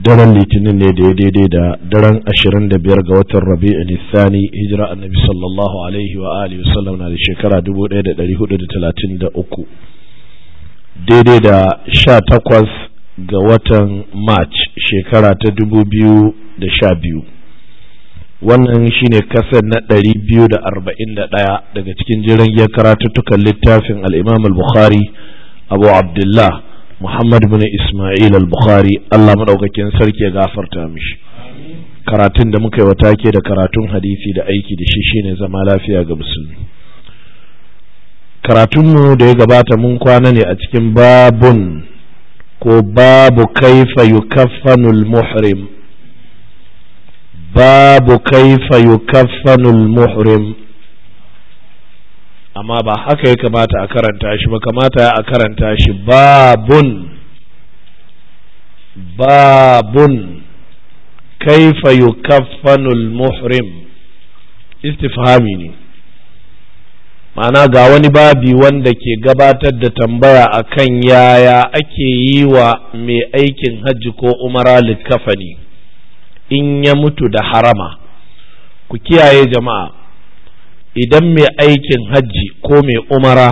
daren litinin ne da ya daidai da daren ashirin da biyar ga watan rabi'u nisani hijira annabi sallallahu alaihi wa alihi sallam na da shekara dubu da da da talatin uku. daidai da sha takwas ga watan march shekara ta dubu biyu da sha biyu. wannan shine kasar na biyu da da arba'in ɗaya daga cikin jiran karatuttukan littafin al al-bukhari abu abdullah Muhammad bin Ismail al-Bukhari Allah madaukakin sarki ya gafarta mishi karatun da muka yi wa take da karatun hadisi da aiki da shi shine zama lafiya ga musulmi karatunmu da ya gabata mun kwana ne a cikin babun ko babu kaifa yukaffanul muhrim babu kaifa yukaffanul muhrim amma ba haka ya kamata a karanta shi ba kamata a karanta shi babun babun kaifa yukaffanul muhrim istifhami ne ma'ana ga wani babi wanda ke gabatar da tambaya akan yaya ake yi wa mai aikin hajji ko umara likafani in ya mutu da harama ku kiyaye jama'a idan mai aikin hajji ko mai umara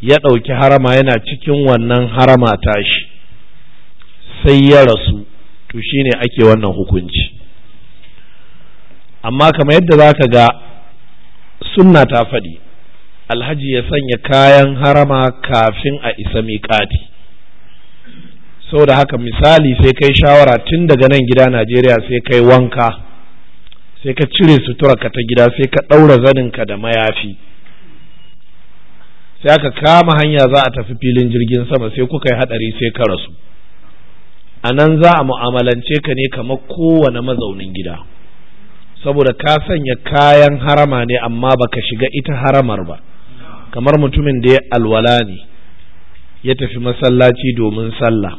ya ɗauki harama yana cikin wannan harama tashi sai ya rasu to shi ne ake wannan hukunci amma kamar yadda za ka ga sunna ta faɗi alhaji ya sanya kayan harama kafin a isa miƙati saboda haka misali sai kai shawara tun daga nan gida najeriya sai kai wanka sai ka cire suturarka ta gida sai ka ɗaura zaninka da mayafi sai aka kama hanya za a tafi filin jirgin sama sai kuka yi haɗari sai ka rasu a nan za a mu'amalance ka ne kamar kowane mazaunin gida saboda ka sanya kayan harama ne amma baka shiga ita haramar ba kamar mutumin da ya alwala ne ya tafi masallaci domin sallah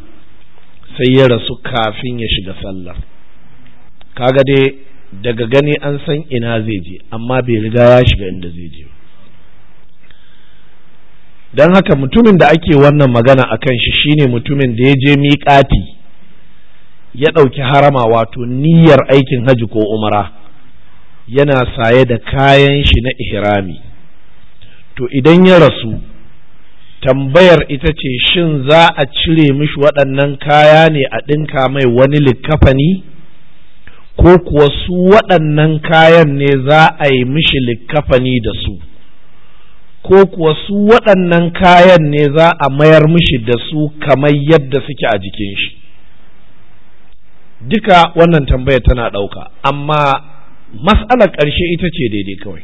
sai ya rasu kafin ya shiga sallah kaga dai daga gani an san ina zai je amma bai riga ya shiga inda zai je don haka mutumin da ake wannan magana a kan shi shine mutumin da ya je miƙati ya ɗauki harama wato niyyar aikin haji ko umara yana saye da kayan shi na ihrami to idan ya rasu tambayar ita ce shin za a cire mishi waɗannan kaya ne a ɗinka mai wani likkafani ko kuwa su waɗannan kayan ne za a yi mishi likkafani da su ko kuwa su waɗannan kayan ne za a mayar mishi da su kamar yadda suke a jikin shi duka wannan tambaya tana ɗauka amma matsalar ƙarshe ita ce daidai kawai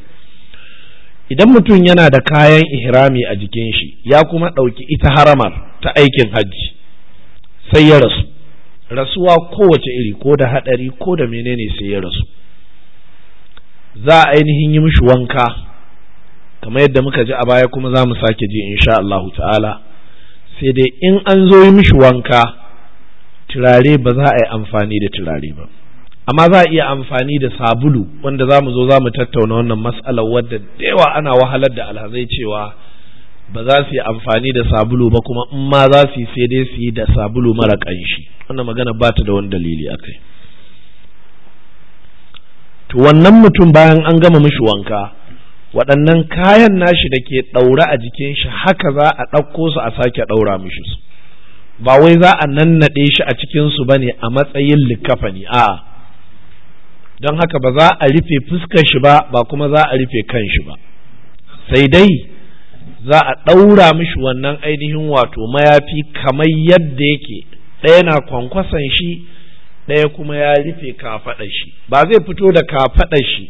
idan mutum yana da kayan ihrami a jikin shi ya kuma ɗauki ita haramar ta aikin hajji sai ya rasu rasuwa kowace iri ko da hadari ko da menene sai ya rasu za a ainihin yi mishi wanka kamar yadda muka ji a baya kuma za mu sake ji insha Allah ta'ala sai dai in an zo yi mishi wanka turare ba za a yi amfani da turare ba amma za a iya amfani da sabulu wanda za mu zo za mu tattauna wannan mas'alar wadda da ana wahalar da alhazai cewa ba za su yi amfani da sabulu ba kuma in ma za su yi sai dai su yi da sabulu mara ƙanshi wannan magana ba ta da wani dalili a kai to wannan mutum bayan an gama mishi wanka waɗannan kayan nashi da ke ɗaure a jikin shi haka za a ɗauko su a sake ɗaura mishi su ba wai za a nannaɗe shi a cikin su ba ne a matsayin ne a'a don haka ba za a rufe fuskar shi ba ba kuma za a rufe kan shi ba sai dai za a ɗaura mishi wannan ainihin wato mayafi kamar yadda yake ɗaya na kwankwason shi ɗaya kuma ya rufe kafaɗar shi ba zai fito da kafaɗar shi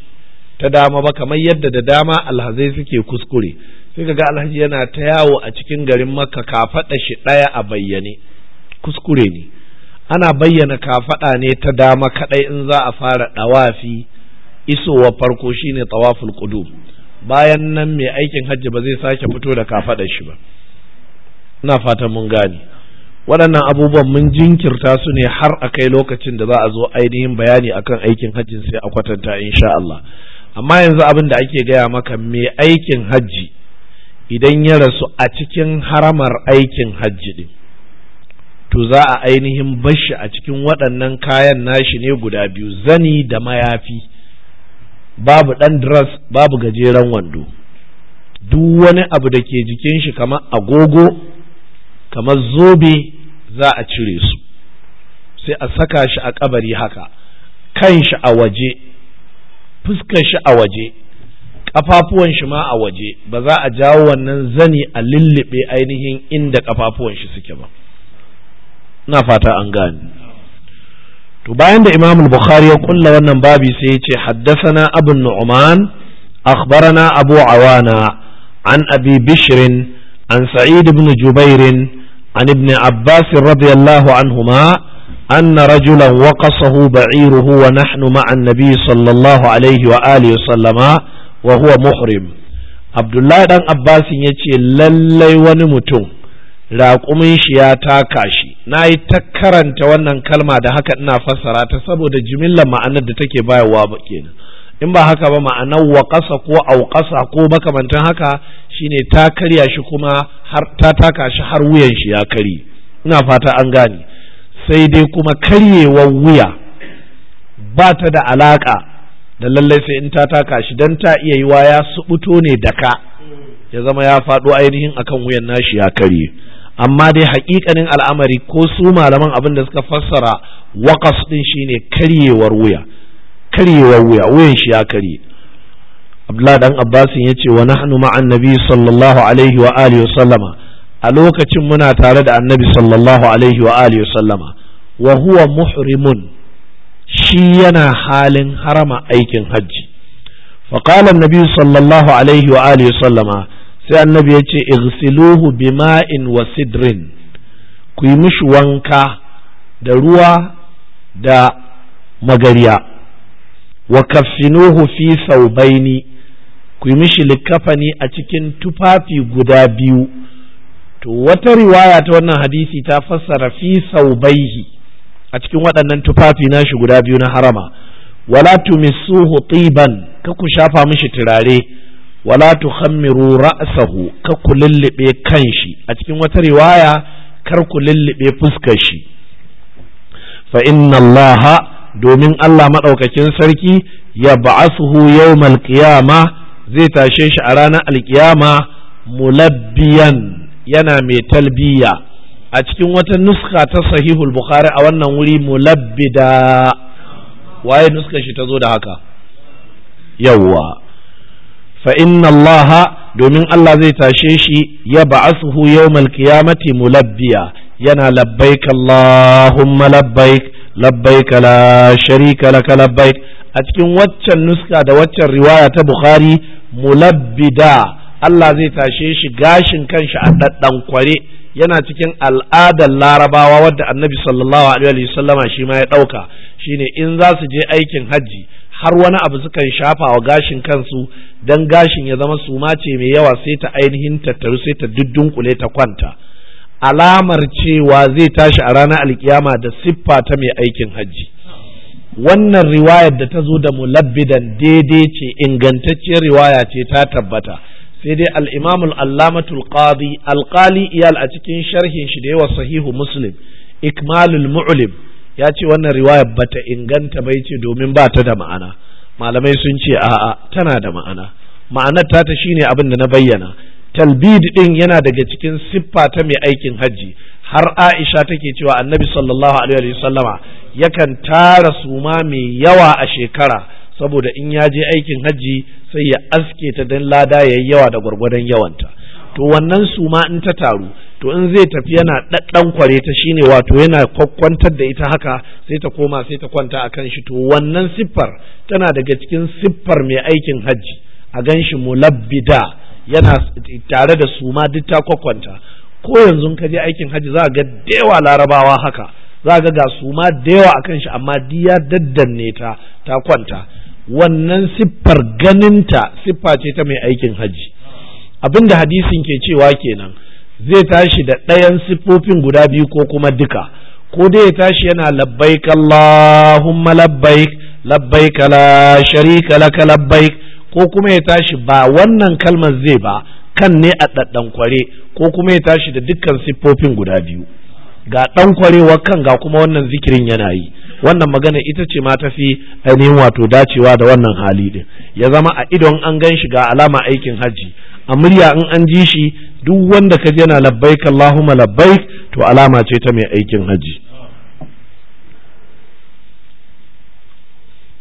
ta dama ba kamar yadda da dama alhazai suke kuskure sai ga alhaji yana ta yawo a cikin garin makka kafaɗa shi ɗaya a bayyane kuskure ne ana bayyana kafaɗa ne ta dama kaɗai in za a fara ɗawafi isowa farko shine tawaful qudum bayan nan mai aikin hajji ba zai sake fito da kafaɗar shi ba ina fatan mun gane waɗannan abubuwan mun jinkirta su ne har a kai lokacin da za a zo ainihin bayani akan aikin hajjin sai a kwatanta insha Allah amma yanzu abin da ake gaya maka mai aikin hajji idan ya rasu a cikin haramar aikin hajji din to za a ainihin bashi a cikin waɗannan kayan nashi ne guda biyu zani da mayafi babu ɗan dress babu gajeren wando duk wani abu da ke jikin shi kamar agogo kamar zobe za a cire su sai a saka shi a kabari haka kan shi a waje fuskar shi a waje kafafuwan shi ma a waje ba za a jawo wannan zani a lullube ainihin inda kafafuwan shi suke ba na fata an gani to bayan da imam al-bukhari ya kulla wannan babi sai ya ce na abu nu'man akhbarana abu awana an abi bishrin an sa'id ibn jubairin عن ابن عباس رضي الله عنهما أن رجلا وقصه بعيره ونحن مع النبي صلى الله عليه وآله وسلم وهو محرم عبد الله بن عباس يتي للي ونمتم raƙumin shi ya taka shi na yi ta karanta wannan kalma da haka ina fassara ta saboda jimillar ma'anar da take bayarwa ba kenan in ba haka ba ma'anar wa ƙasa ko auƙasa ko makamantan haka shine ta karya shi kuma har ta taka shi har wuyan shi ya kari ina fata an gane sai dai kuma karyewar wuya ba ta da alaƙa da lallai sai in ta taka shi don ta iya yiwa ya subuto ne da ka ya zama ya faɗo ainihin akan wuyan nashi ya karye amma dai haƙiƙanin al'amari ko su malaman abin da suka fassara waƙas ɗin shine karyewar wuya karyewar wuya wuyan shi ya karye abdullah dan abbasin ya ce wa nahnu ma'an nabi sallallahu alaihi wa alihi sallama a lokacin muna tare da annabi sallallahu alaihi wa alihi sallama wa huwa muhrimun shi yana halin harama aikin hajji فقال النبي sallallahu alaihi wa وآله وسلم sai annabi ya ce igsiluhu bima'in wa sidrin ku yi mishi wanka da ruwa da magariya wa kaffinuhu fi saubaini ku yi mishi likafani a cikin tufafi guda biyu to wata riwaya ta wannan hadisi ta fassara fi saubaihi a cikin waɗannan tufafi nashi guda biyu na harama wala tumisuhu tiban ka ku shafa mishi turare wala tuhammiru ra'sahu ka ku lullube kanshi a cikin wata riwaya kar ku lullube fuskar shi fa inna allaha domin Allah madaukakin sarki ya ba'asuhu yawmal qiyama zai tashe shi a ranar alkiyama mulabbiyan yana mai talbiya a cikin wata nuska ta sahihul bukhari a wannan wuri mulabbida waye nuskar shi ta zo da haka yawwa fa inna allaha domin Allah zai tashe shi ya ba'asuhu yawmal qiyamati mulabbiya yana labbaik Allahumma labbaik labbaik la sharika laka labbaik a cikin waccan nuska da waccan riwaya ta Bukhari mulabbida Allah zai tashe shi gashin kanshi a daddan kware yana cikin al'adar larabawa wadda annabi sallallahu alaihi wasallama shi ma ya dauka shine in za su je aikin hajji har wani abu sukan shafa wa gashin kansu don gashin ya zama suma ce mai yawa sai ta ainihin tattaru sai ta duddunkule ta kwanta alamar cewa zai tashi a ranar alkiyama da siffa ta mai aikin hajji wannan riwayar da ta zo da mulabbidan daidai ce ingantacciyar riwaya ce ta tabbata sai dai al'imamul allamatul qadi alƙali iyal a cikin sharhin shi da yawa sahihu muslim ikmalul mu'lim ya ce wannan riwaya bata inganta bai ce domin ba ta da ma'ana malamai sun ce a'a tana da ma'ana ma'anar ta ta shine abin da na bayyana talbid din yana daga cikin siffa ta mai aikin hajji har Aisha take cewa Annabi sallallahu alaihi wasallama yakan tara suma mai yawa a shekara saboda in ya je aikin hajji sai ya aske ta dan lada yayi yawa da gwargwadon yawanta to wannan suma in ta taru to in zai tafi yana ɗaɗɗan kware ta shine wato yana kwakwantar da ita haka sai ta koma sai ta kwanta a kan shi to wannan siffar tana daga cikin siffar mai aikin hajji a gan shi mulabbida yana tare da suma duk ta kwakwanta ko yanzu ka je aikin hajji za ga dewa larabawa haka za ga ga suma dewa kan shi amma diya daddanne ta ta kwanta wannan siffar ganinta siffa ce ta mai aikin hajji abinda hadisin ke cewa kenan zai tashi da ɗayan siffofin guda biyu ko kuma duka ko dai ya tashi yana labbaik Allahumma labbai kala shari sharika laka labbai ko kuma ya tashi ba wannan kalmar zai ba kan ne a kware ko kuma ya tashi da dukkan siffofin guda biyu ga ɗan ɗankwarewar kan ga kuma wannan zikirin yana yi wannan magana ita ce ma tafi ainihin wato dacewa da wannan hali din ya zama a idon an gan shi ga alama aikin hajji a murya in an ji shi duk wanda ka ji yana labbaik Allahumma labbaik to alama ce ta mai aikin haji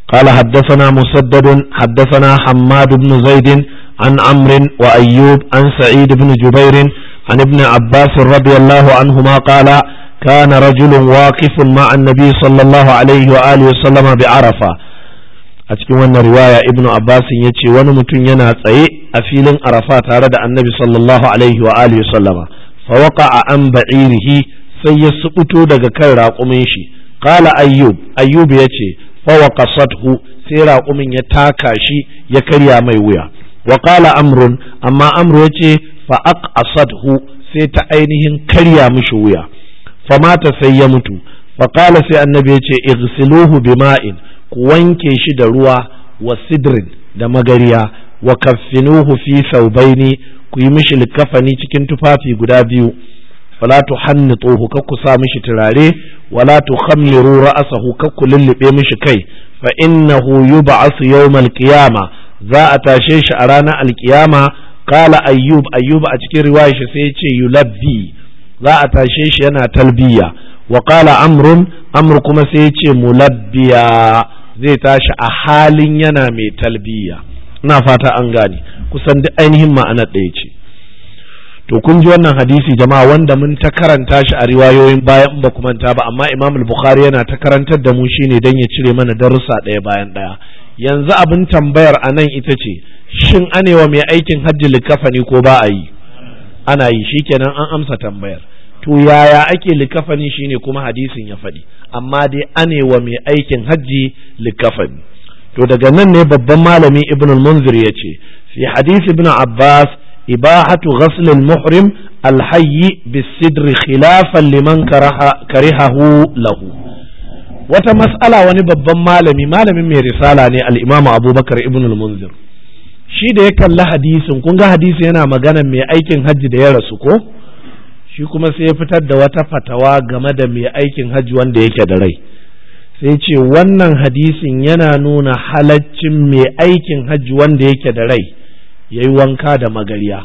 قال حدثنا مسدد حدثنا حماد بن زيد عن عمرو وأيوب عن سعيد بن جبير عن ابن عباس رضي الله عنهما قال كان رجل واقف مع النبي صلى الله عليه وآله وسلم بعرفة a cikin wannan riwaya Ibnu abbas ya ce wani mutum yana tsaye a filin arafa tare da annabi sallallahu alaihi wa alihi sallama fa a an ba'irihi sai ya subuto daga kan raƙumin shi qala ayyub ayyub ya ce fawaqa sai raƙumin ya taka shi ya karya mai wuya wa qala amrun amma amru ya ce fa aqasathu sai ta ainihin karya mishi wuya Fa famata sai ya mutu faƙala sai annabi ya ce igsiluhu bima'in ku wanke shi da ruwa wa sidrin da magariya wa kafinuhu fi saubaini ku yi mishi likafani cikin tufafi guda biyu fala tu hannituhu kar ku sa mishi turare wala tu khammiru ra'asahu kar ku lullube mishi kai fa innahu yub'asu yawmal qiyama za a tashe shi a ranar alkiyama kala ayyub ayyub a cikin riwaya shi sai ya ce yulabbi za a tashe shi yana talbiya wa qala amrun kuma sai ya ce mulabbiya zai tashi a halin yana mai talbiya ina fata an gane kusan duk ainihin ma'ana ɗaya ce to kun ji wannan hadisi jama'a wanda mun ta karanta shi a riwayoyin bayan ba ku manta ba amma Imam bukhari yana ta karantar da mu shine dan ya cire mana darussa ɗaya bayan ɗaya yanzu abin tambayar a nan ita ce shin anewa mai aikin hajji likafani ko ba a yi ana yi shikenan an amsa tambayar to yaya ake likafani shine kuma hadisin ya faɗi amma dai anewa mai aikin hajji likafani to daga nan ne babban malami ibn al-munzir ya ce fi hadis ibn abbas ibahatu ghasl al-muhrim al-hayy bis-sidr khilafan liman karihahu lahu wata mas'ala wani babban malami malamin mai risala ne al-imam abubakar ibn al-munzir shi da ya kalli hadisin kun ga hadisin yana magana mai aikin hajji da ya rasu ko shi kuma sai ya fitar da wata fatawa game da mai aikin hajji wanda yake da rai sai ce wannan hadisin yana nuna halaccin mai aikin hajji wanda yake da rai ya yi wanka da magariya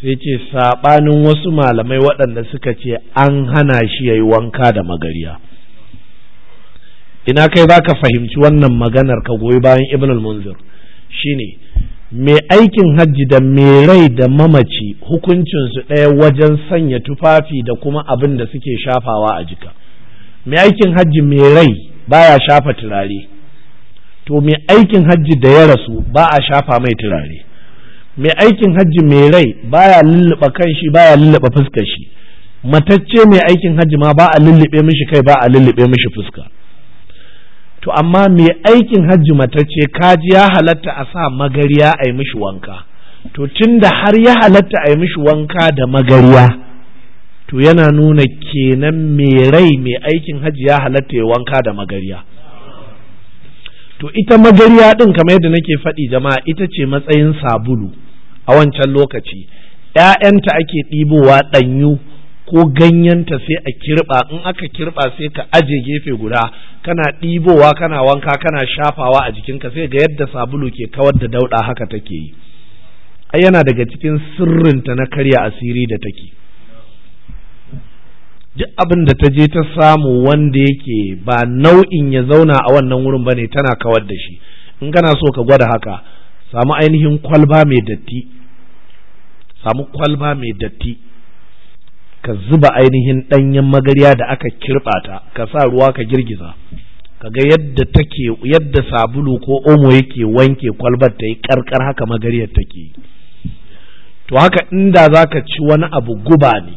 sai ce saɓanin wasu malamai waɗanda suka ce an hana shi ya yi wanka da magariya ina kai za ka fahimci wannan maganar ka goyi bayan ibn al-munzir shine mai aikin hajji da mai rai da mamaci hukuncinsu ɗaya wajen sanya tufafi da kuma abin da suke shafawa a jika mai aikin hajji mai rai baya shafa turare to mai aikin hajji da ya rasu ba a shafa mai turare mai aikin hajji mai rai baya lulluɓa kan kanshi baya lulluɓa fuskar shi matacce mai aikin hajji ma ba a lullube mishi kai ba a lullube mishi fuska to amma mai aikin hajji matacce kaji ya halatta a sa magariya a yi mishi wanka to tun da har ya halatta a yi mishi wanka da magariya to yana nuna kenan mai rai mai aikin hajji ya halatta ya wanka da magariya to ita magariya din kamar yadda nake faɗi jama'a ita ce matsayin sabulu a wancan lokaci ‘ya'yanta ake ɗibowa ɗanyu ko ganyenta sai a kirɓa in aka kirɓa sai ka aje gefe guda kana ɗibowa kana wanka kana shafawa a jikinka sai ga yadda sabulu ke kawar da dauɗa haka take yi ai yana daga cikin sirrinta na karya asiri da take duk abin da ta je ta samu wanda yake ba nau'in ya zauna a wannan wurin bane tana kawar da shi in kana so ka gwada haka samu ainihin kwalba mai datti samu kwalba mai datti ka zuba ainihin ɗanyen magarya da aka kirɓata ka sa ruwa ka girgiza ka ga yadda take yadda sabulu ko omo yake wanke kwalbar ta yi karkar haka magariyar take to haka inda za ka ci wani abu guba ne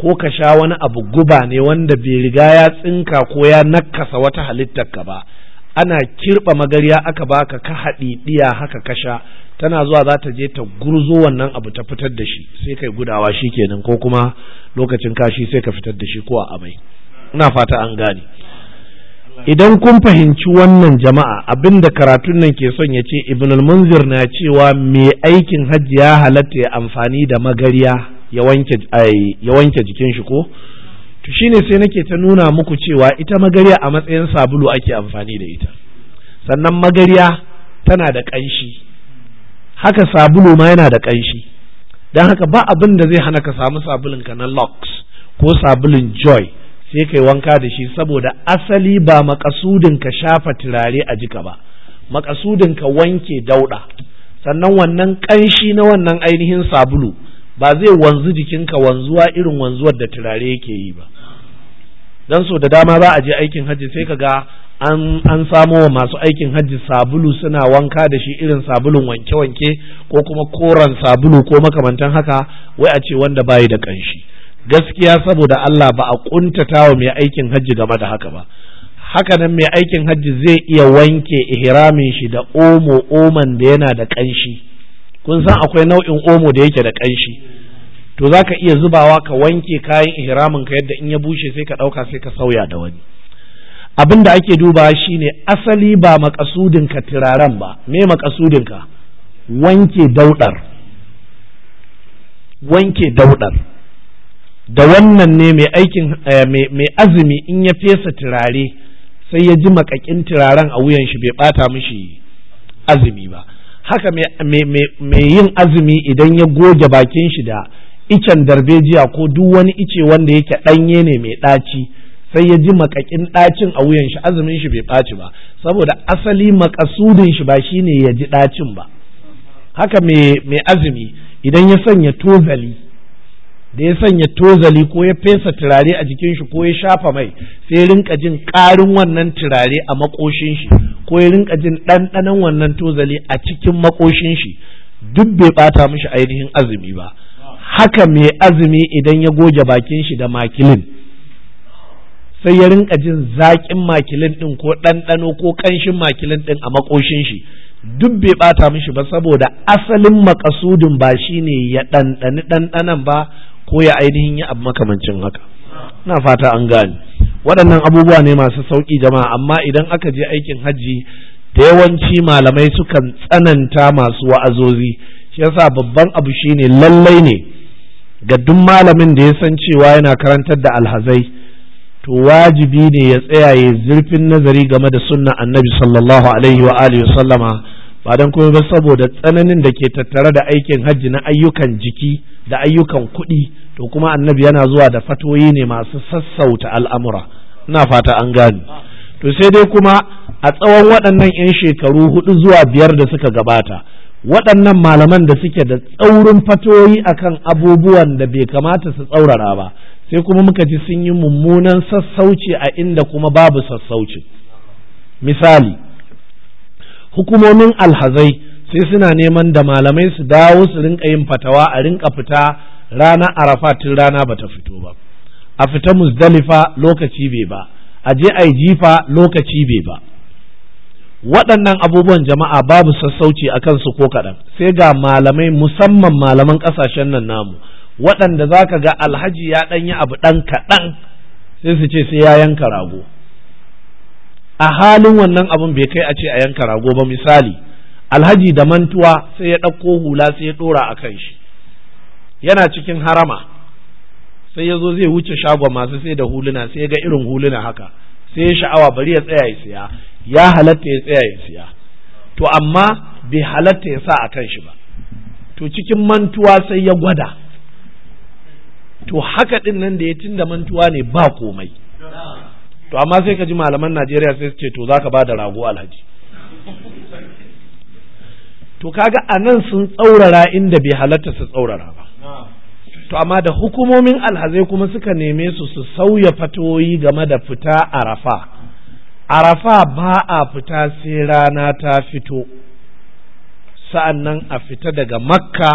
ko ka sha wani abu guba ne wanda bai riga ya tsinka ko ya nakasa wata halittar ka ba ana kirɓa magarya aka baka ka haɗi ɗiya haka kasha tana zuwa za ta je ta gurzo wannan abu ta fitar da shi sai kai gudawa shi kenan ko kuma lokacin kashi sai ka fitar da shi ko a amai ina fata an gane idan kun fahimci wannan jama'a abin da karatun nan ke son ya ce ibn munzir na cewa mai aikin hajji ya halatta ya amfani da magarya ya wanke jikin shi ko to ne sai nake ta nuna muku cewa ita magarya a matsayin sabulu ake amfani da ita sannan magarya tana da ƙanshi haka sabulu ma yana da ƙanshi don haka ba abin da zai hana ka samu sabulun ka na lux ko sabulun joy sai kai wanka da shi saboda asali ba makasudin ka shafa turare a jika ba makasudin ka wanke dauɗa sannan wannan ƙanshi na wannan ainihin sabulu ba zai wanzu jikinka wanzuwa irin wanzuwar da turare yake yi ba dan so da dama ba a je aikin hajji sai ka ga an an samo wa masu aikin hajji sabulu suna wanka da shi irin sabulun wanke-wanke ko kuma koren sabulu ko makamantan haka wai a ce wanda bayi da kanshi gaskiya saboda Allah ba a kuntata wa mai aikin hajji game da haka ba haka nan mai aikin hajji zai iya wanke ihramin shi da omo oman da yana da kanshi kun san akwai nau'in omo da yake da ƙanshi to za ka iya zubawa ka wanke kayan ihramin ka yadda in ya bushe sai ka ɗauka sai ka sauya da wani abin da ake dubawa shine asali ba makasudin ka turaren ba me makasudin ka wanke daudar wanke daudar da wannan ne mai aikin eh, mai azumi in ya fesa turare sai ya ji makakin turaren a wuyan shi bai bata mishi azumi ba haka mai yin azumi idan ya goge bakin shi da icen darbejiya ko duk wani ice wanda yake ɗanye ne mai ɗaci sai ya ji makakin ɗacin a wuyan shi azumin shi bai ɓaci ba saboda asali makasudin shi ba shine ya ji ɗacin ba haka mai azumi idan ya sanya tozali da ya sanya tozali ko ya fesa turare a jikin shi ko ya shafa mai sai ya rinka jin ƙarin wannan turare a makoshin shi ko ya rinka jin ɗanɗanon wannan tozali a cikin makoshin shi duk bai bata mishi ainihin azumi ba haka mai azumi idan ya goge bakin shi da makilin sai ya rinka jin zaƙin makilin ɗin ko ɗanɗano ko ƙanshin makilin ɗin a makoshin shi duk bai bata mishi ba saboda asalin makasudin ba shine ya ɗanɗani ɗanɗanan ba ko ya ainihin ya abu makamancin haka na fata an gane waɗannan abubuwa ne masu sauƙi jama'a amma idan aka je aikin hajji da yawanci malamai sukan tsananta masu wa'azozi shi yasa babban abu shine lallai ne ga duk malamin da ya san cewa yana karantar da alhazai to wajibi ne ya tsaya ya zurfin nazari game da sunna annabi sallallahu alaihi wa alihi sallama ba don kuma ba saboda tsananin da ke tattare da aikin hajji na ayyukan jiki da ayyukan kuɗi to kuma annabi yana zuwa da fatoyi ne masu sassauta al'amura ina fata an gani to sai dai kuma a tsawon waɗannan 'yan shekaru hudu zuwa biyar da suka gabata waɗannan malaman da suke da tsaurin fatoyi akan abubuwan da bai kamata su tsaurara ba sai kuma muka ji sun yi mummunan sassauci a inda kuma babu sassauci misali hukumomin alhazai sai suna neman da malamai su dawo su rinka yin fatawa a rinka fita rana arafa tun rana ba ta fito ba a fita muzdalifa lokaci bai ba a je a jifa lokaci bai ba waɗannan abubuwan jama'a babu sassauci a kansu ko kaɗan sai ga malamai musamman malaman ƙasashen nan namu waɗanda za ka ga alhaji ya ɗan yi abu ɗan kaɗan sai su ce sai ya yanka rago a halin wannan abin bai kai a ce a yanka rago ba misali alhaji da mantuwa sai ya ɗauko hula sai ya ɗora a kan shi yana cikin harama sai ya zo zai wuce shagon masu sai da huluna sai ya ga irin huluna haka sai ya sha'awa bari ya tsaya ya siya ya halatta ya tsaya ya siya to amma bai halatta ya sa a kan shi ba to cikin mantuwa sai ya gwada to haka ɗin nan da ya da mantuwa ne ba komai to amma sai ka ji malaman Najeriya sai su ce to za ka ba da rago alhaji to kaga nan sun tsaurara inda bai halatta su tsaurara ba to amma da hukumomin alhazai kuma suka neme su su sauya fatoyi game da fita arafa arafa ba a fita sai rana ta fito sa'an nan a fita daga makka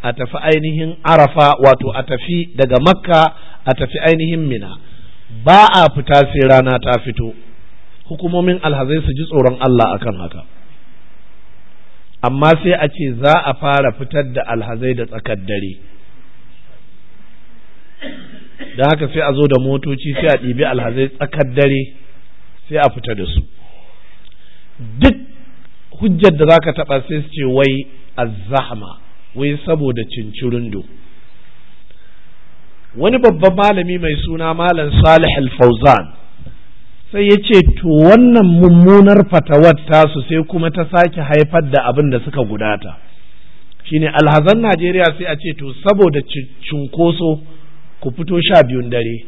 a tafi ainihin arafa wato a tafi daga makka a tafi ainihin mina ba a fita sai rana ta fito hukumomin alhazai su ji tsoron Allah akan haka amma sai a ce za a fara fitar da alhazai da tsakar dare don haka sai a zo da motoci sai a ɗibi alhazai tsakar dare sai a fita da su duk hujjar da za ka taɓa sai su ce wai zahama wai saboda cincirindo wani babban malami mai suna malam salih al-fauzan sai ya ce to wannan mummunar fatawar tasu sai kuma ta sake haifar da abin da suka gudata shine alhazan najeriya sai a ce to saboda cunkoso ku fito sha biyun dare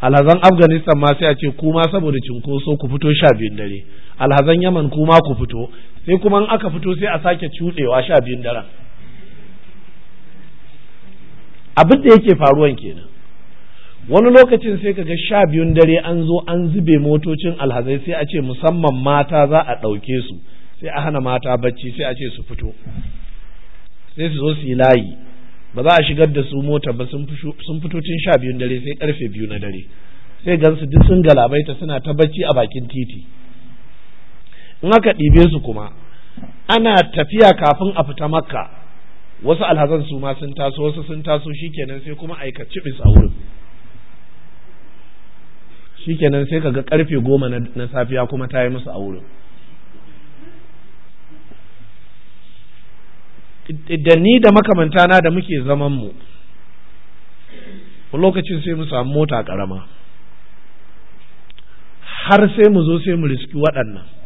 alhazan afghanistan ma sai a ce kuma saboda cunkoso ku fito sha biyun dare alhazan yaman kuma ku fito sai kuma in aka fito sai a sake cuɗewa sha biyun daren abin da yake faruwan kenan wani lokacin sai kaga sha biyun dare an zo an zube motocin alhazai sai a ce musamman mata za a ɗauke su sai a hana mata bacci sai a ce su fito sai su zo su yi layi ba za a shigar da su mota ba sun fito tun sha biyun dare sai karfe biyu na dare sai gansu duk sun galabaita suna ta bacci a bakin titi in aka ɗibe su kuma ana tafiya kafin a fita makka wasu alhazan su ma sun taso wasu sun taso shikenan sai kuma aikaci cibis shikenan sai kaga karfe goma na safiya kuma ta yi musu a wurin da ni da makamanta na da muke zaman mu lokacin sai mu samu mota karama har sai mu zo sai mu riski waɗannan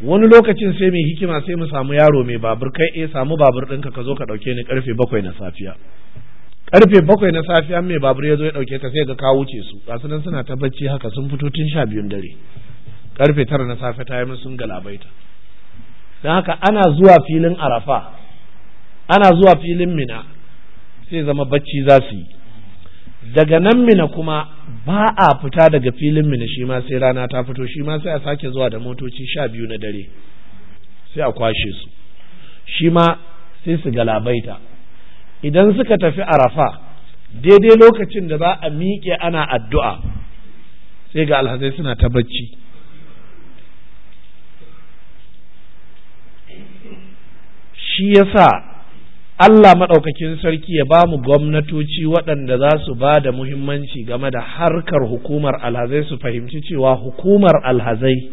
wani lokacin sai mai hikima sai mu samu yaro mai babur kai eh samu babur ɗinka ka zo ka ɗauke ni karfe bakwai na safiya karfe bakwai na safiya mai babur ya zo ya ɗauke ka sai ga ka wuce su gasu nan suna ta bacci haka sun fito tun sha biyun dare karfe tara na safe ta yi min sun galabaita don haka ana zuwa filin arafa ana zuwa filin mina sai zama bacci za su yi daga nan mina kuma ba a fita daga filin mina shi ma sai rana ta fito shi ma sai a sake zuwa da motoci sha biyu na dare sai a kwashe su shi ma sai su galabaita idan suka tafi arafa daidai lokacin da za a miƙe ana addu'a sai ga alhazai suna ta bacci shi sa. Allah maɗaukakin sarki ya ba mu gwamnatoci waɗanda za su ba da muhimmanci game da harkar hukumar alhazai su fahimci cewa hukumar alhazai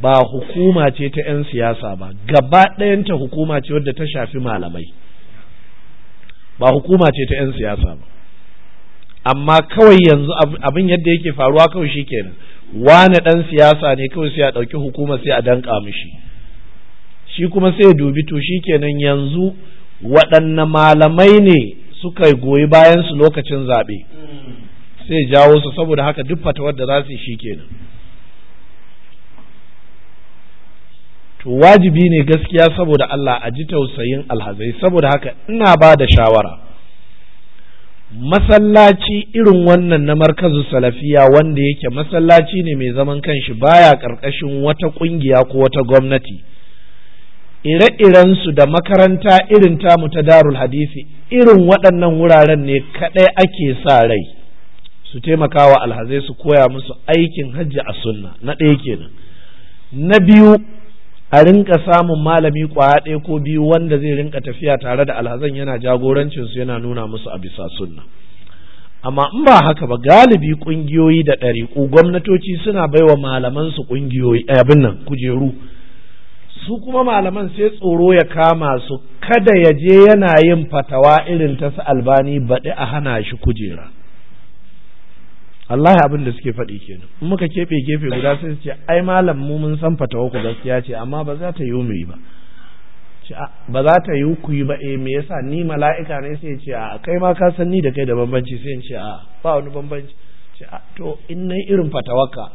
ba hukuma ce ta 'yan siyasa ba gaba ɗayanta hukuma ce wadda ta shafi malamai ba hukuma ce ta 'yan siyasa ba amma kawai yanzu abin yadda yake faruwa kawai shi kenan wane ɗan siyasa ne kawai sai a ɗauki hukuma sai a danƙa mishi shi kuma sai dubi to shi kenan yanzu waɗanne malamai ne suka goyi bayan su lokacin zaɓe sai jawo su saboda haka duk fatawar da za su shi kenan to wajibi ne gaskiya saboda Allah a ji tausayin alhazai saboda haka ina ba da shawara masallaci irin wannan na markazu salafiya wanda yake masallaci ne mai zaman kanshi baya ƙarƙashin wata ƙungiya ko wata gwamnati ire-irensu da makaranta irin tamu ta darul hadisi irin waɗannan wuraren ne kaɗai ake sa rai su taimaka wa alhazai su koya musu aikin hajji a sunna na ɗaya kenan na biyu a rinka samun malami ƙwaya ɗaya ko biyu wanda zai rinka tafiya tare da alhazan yana jagorancin su yana nuna musu a bisa sunna amma in ba haka ba galibi ƙungiyoyi da ɗariƙu gwamnatoci suna baiwa malaman su ƙungiyoyi eh, abin nan kujeru su kuma malaman sai tsoro ya kama su kada ya je yana yin fatawa irin ta su albani baɗi a hana shi kujera Allah abin da suke faɗi kenan in muka keɓe gefe guda sai su ce ai malam mu mun san fatawa ku gaskiya ce amma ba za ta yi mu yi ba ba za ta yi ku yi ba eh me yasa ni mala'ika ne sai ce a kai ma ka san ni da kai da bambanci sai ce a ba wani bambanci ce a to in nan irin ka,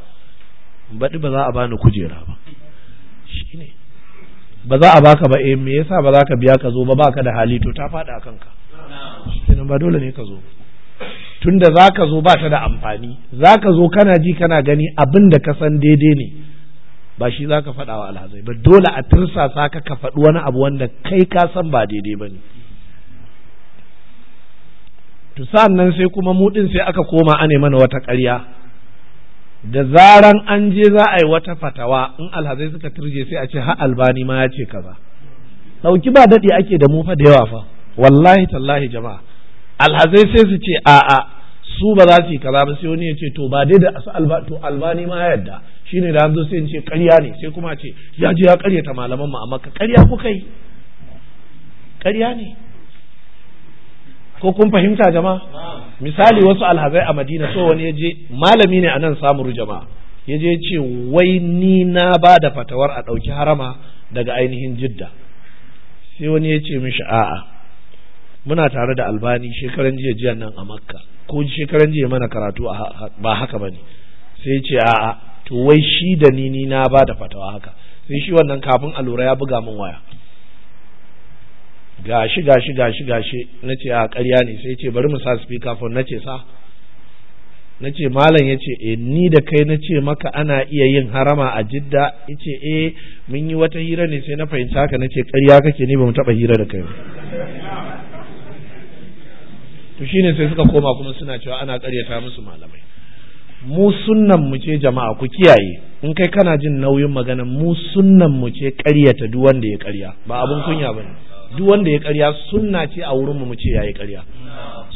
baɗi ba za a bani kujera ba shine ba za a baka ba eh me yasa ba za ka biya ka zo ba baka da hali to ta faɗi a kanka kenan ba dole ne ka zo tunda za ka zo ba ta da amfani za ka zo kana ji kana gani abin da ka san daidai ne ba shi za ka faɗa wa alhazai ba dole a tirsasa ka ka faɗi wani abu wanda kai ka san ba daidai ba ne to sa'an nan sai kuma mudin sai aka koma a mana wata ƙarya da zaran an je za a yi wata fatawa in alhazai suka turje sai a ce ha albani ma ya ce kaza dauki ba daɗi ake da mu fa da yawa fa wallahi tallahi jama'a alhazai sai su ce a'a su ba za su yi kaza ba sai wani ya ce to ba dai da su albani ma ya yarda shine da zo sai in ce ƙarya ne sai kuma ce ya je ya karyata malaman mu amma ka ƙarya ku kai? ƙarya ne ko kun fahimta jama'a misali wasu alhazai a madina so wani ya je malami ne a nan samuru jama'a ya je ce wai ni na ba da fatawar a ɗauki harama daga ainihin jidda sai wani ya ce mishi a'a muna tare da albani shekaran jiya jiya nan a makka ko shekaran jiya mana karatu ba haka ba ne? sai ce a'a to wai shi da ni ni na ba da fatawa haka sai shi wannan kafin a lura ya buga min waya gashi gashi gashi gashi na ce a ƙarya ne sai ce bari mu sa speaker phone na sa na malam ya ce eh, ni da kai nace maka ana iya yin harama a jidda yace ce e mun yi wata hira ne sai na fahimta ka na ce ƙarya kake ni ba mu taɓa hira da kai ba to shine sai suka koma kuma suna cewa ana ƙaryata musu malamai mu sunnan mu ce jama'a ku kiyaye in kai kana jin nauyin magana mu sunnan mu ce ƙaryata duk wanda ya ƙarya ba abun kunya bane duk wanda ya karya sunna ce a wurin mu ce yayi karya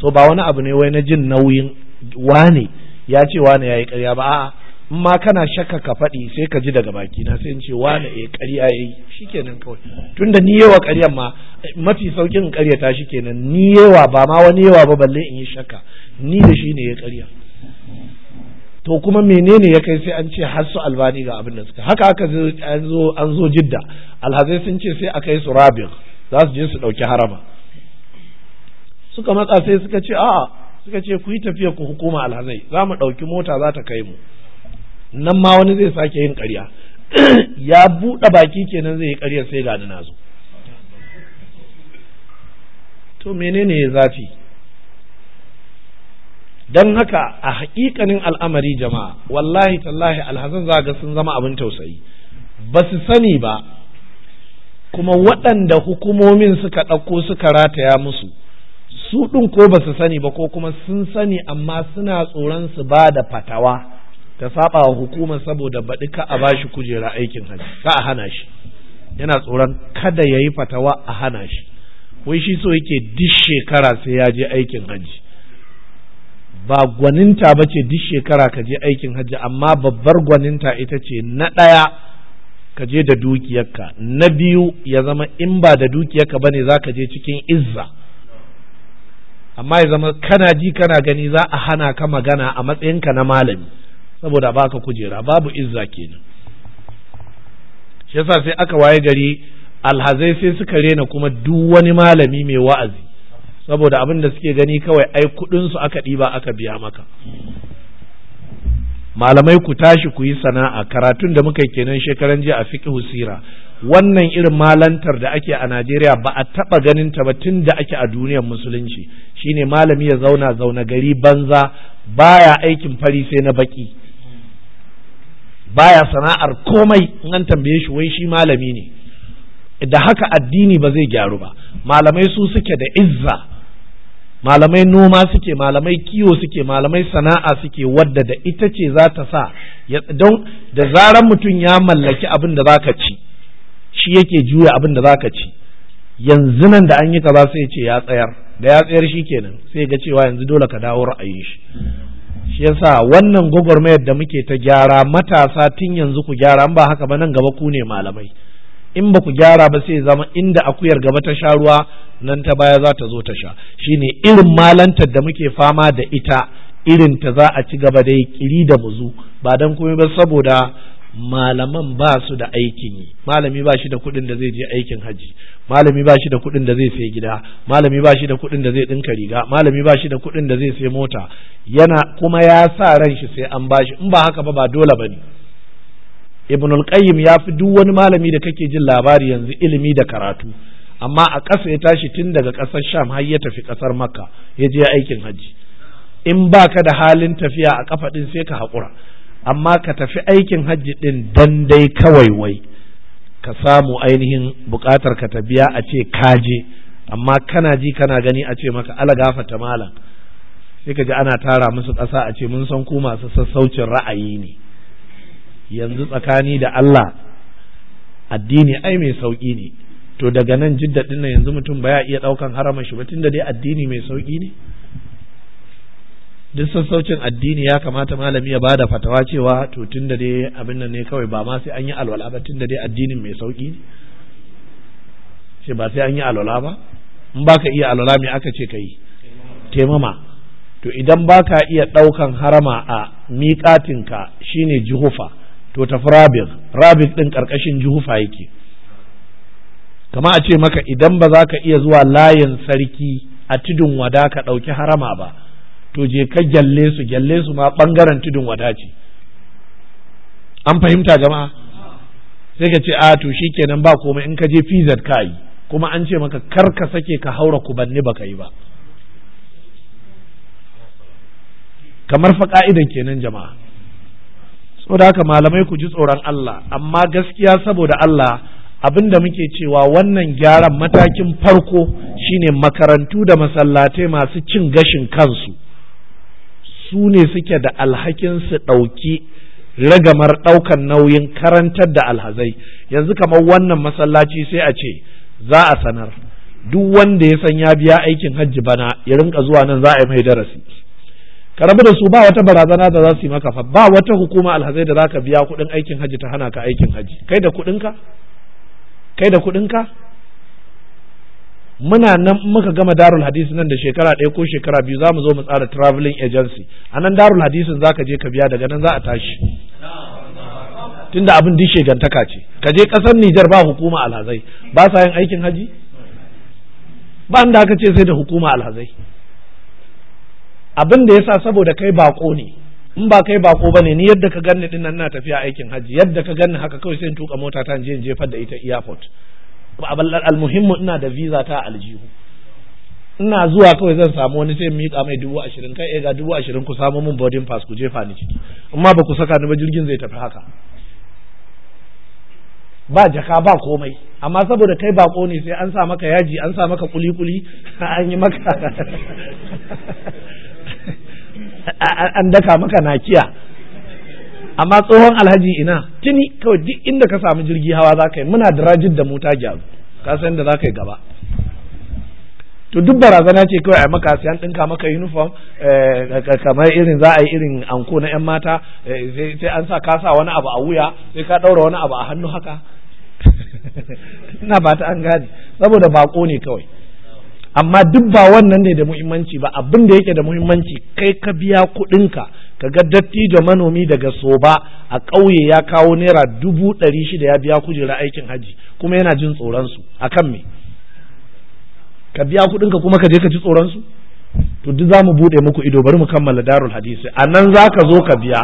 so ba wani abu ne wai na jin nauyin wane ya ce wane yayi karya ba a'a in ma kana shakka ka faɗi sai ka ji daga baki na sai in ce wane ya eh karya yayi shikenan kawai tunda ni yawa karyan ma mafi saukin ta shikenan ni yawa ba ma wani yawa ba balle in yi shakka ni da shi ne ya karya to kuma menene ya kai sai an ce har su albani ga abin da suka haka aka zo an zo jidda alhazai sun ce sai a kai su rabin za su je su ɗauki haraba suka matsa sai suka ce a'a suka ce ku yi tafiya ku hukuma alhazai za mu ɗauki mota za ta kai mu nan ma wani zai sake yin ƙarya ya buɗe baki kenan zai yi ƙaryar sai ga na zo to menene ya zafi don haka a haƙiƙanin al'amari jama'a wallahi tallahi alhazan za ga sun zama abin tausayi ba su sani ba kuma waɗanda hukumomin suka ɗauko suka rataya musu su ɗin ko ba su sani ba ko kuma sun sani amma suna tsoron su ba da fatawa ta saba wa hukuma saboda baɗi ka a bashi kujera aikin hajji ka a hana shi yana tsoron kada ya yi fatawa a hana shi wai shi so yake duk shekara sai ya je aikin hajji ba gwaninta ba ce duk shekara ka je aikin hajji amma babbar gwaninta ita ce na ɗaya ka je da dukiyarka na biyu ya zama in ba da dukiyarka ba ne za ka je cikin izza amma ya zama kana ji kana gani za a hana ka magana a matsayinka na malami saboda ba ka kujera babu izza kenan shi yasa sai aka waye gari alhazai sai suka rena kuma duk wani malami mai wa'azi saboda abin da suke gani kawai ai kudin su aka ɗiba aka biya maka malamai ku tashi ku yi sana'a karatun da muka kenan shekaran jiya a fiqhu sira wannan irin malantar da ake a Najeriya ba a taɓa ganin ta ba tun da ake a duniyar musulunci shine malami ya zauna zauna gari banza baya aikin fari sai na baki baya sana'ar komai in an tambaye shi wai shi malami ne da haka addini ba zai gyaru ba malamai su suke da izza malamai noma suke malamai kiwo suke malamai sana'a suke wadda da ita ce za ta sa don da zarar mutum ya mallaki abin da za ka ci shi yake juya abin da za ka ci yanzu nan da an yi kaza sai ce ya tsayar da ya tsayar shi kenan sai ga cewa yanzu dole ka dawo ra'ayin shi shi yasa wannan gwagwarmayar da muke ta gyara matasa tun yanzu ku gyara ba haka ba nan gaba ku ne malamai in ba ku gyara ba sai zama inda akuyar gaba ta sha ruwa nan ta baya za ta zo ta sha shine irin malantar da muke fama da ita irin ta za a ci gaba da kiri da mu muzu ba dan komai ba saboda malaman ba su da aikin yi malami ba shi da kuɗin da zai je aikin haji malami ba shi da kuɗin da zai sai gida malami ba shi da kuɗin da zai ɗinka riga malami ba shi da kuɗin da zai sai mota yana kuma ya sa ran shi sai an bashi in ba haka ba ba dole ba ne ibn al-qayyim ya fi duk wani malami da kake jin labari yanzu ilimi da karatu amma a ƙasa ya tashi tun daga ƙasar sham har ya tafi ƙasar makka ya je aikin hajji in baka da halin tafiya a kafa ɗin sai ka haƙura amma ka tafi aikin hajji ɗin dan dai kawai wai ka samu ainihin buƙatar ka ta biya a ce ka je. amma kana ji kana gani a ce maka ala ta malam sai ka ji ana tara musu ƙasa a ce mun san ku masu sassaucin ra'ayi ne yanzu tsakani da Allah addini ai mai sauƙi ne to daga nan jidda din nan yanzu mutum baya iya ɗaukan haraman shi ba tunda dai addini mai sauƙi ne duk sassaucin addini ya kamata malami ya bada fatawa cewa to tunda dai abin nan ne kawai ba ma sai an yi alwala ba tunda dai addinin mai sauƙi ne sai ba sai an yi alwala ba in baka iya alwala me aka ce kai taimama to idan baka iya ɗaukan harama a miƙatinka shine juhufa to tafi rabig rabig din karkashin juhufa yake kama a ce maka idan ba za ka iya zuwa layin sarki a tudun wada ka ɗauki harama ba to je ka gyalle su gyalle su ma ɓangaren tudun wada ce an fahimta jama'a sai ka ce a to shi kenan ba komai in ka je fizar ka yi kuma an ce maka kar ka sake ka haura kubanni baka yi ba kamar fa ka'idan kenan jama'a saboda haka malamai ku ji tsoron Allah amma gaskiya saboda Allah abin da muke cewa wannan gyaran matakin farko shine makarantu da masallatai masu cin gashin kansu su ne suke da alhakin su ɗauki ragamar ɗaukan nauyin karantar da alhazai yanzu kamar wannan masallaci sai a ce za a sanar duk wanda ya san ya biya aikin hajji bana ya rinka zuwa nan za a yi mai darasi ka rabu da su ba wata barazana da za su yi maka fa ba wata hukuma alhazai da za ka biya kuɗin aikin haji ta hana ka aikin haji kai da kuɗinka kai da kuɗinka muna nan muka gama darul hadisi nan da shekara ɗaya ko shekara biyu za mu zo mu tsara traveling agency a nan darul hadisin za ka je ka biya daga nan za a tashi tunda abin duk shegantaka ce ka je ƙasar Nijar ba hukuma alhazai ba sa yin aikin haji ba da aka ce sai da hukuma alhazai abin da yasa saboda kai bako ne in ba kai bako ne ni yadda ka ganni dinnan na tafiya aikin hajji yadda ka ganni haka kawai sai in tuka mota ta je in jefar da ita airport almuhimmu ina da visa ta aljihu ina zuwa kawai zan samu wani sai miƙa mai dubu ashirin kai eh, ga dubu ashirin ku samu min boarding pass ku jefa ni ciki amma ba ku saka ni ba jirgin zai tafi haka ba jaka ba komai amma saboda kai bako ne sai an sa maka yaji an sa maka kuli kuli an yi maka an daka maka nakiya amma tsohon alhaji ina tuni kawai duk inda ka samu jirgi hawa za ka yi muna da rajin da mota gyaru ka san da za ka yi gaba to duk barazana ce kawai a maka sai an dinka maka uniform eh, kamar irin za a yi irin anko na yan mata eh, sai an sa ka sa wani abu a wuya sai ka ɗaura wani abu a hannu haka ina ba ta an gane saboda bako ne kawai amma duk ba wannan ne da muhimmanci ba abin da yake da muhimmanci kai ka biya kuɗinka ka ga dattijo manomi daga soba a ƙauye ya kawo naira dubu ɗari shida ya biya kujera aikin hajji, kuma yana jin tsoronsu a kan me ka biya kuɗinka kuma ka je ka ji tsoronsu to duk za mu buɗe muku ido bari mu kammala darul hadisi a nan za ka zo ka biya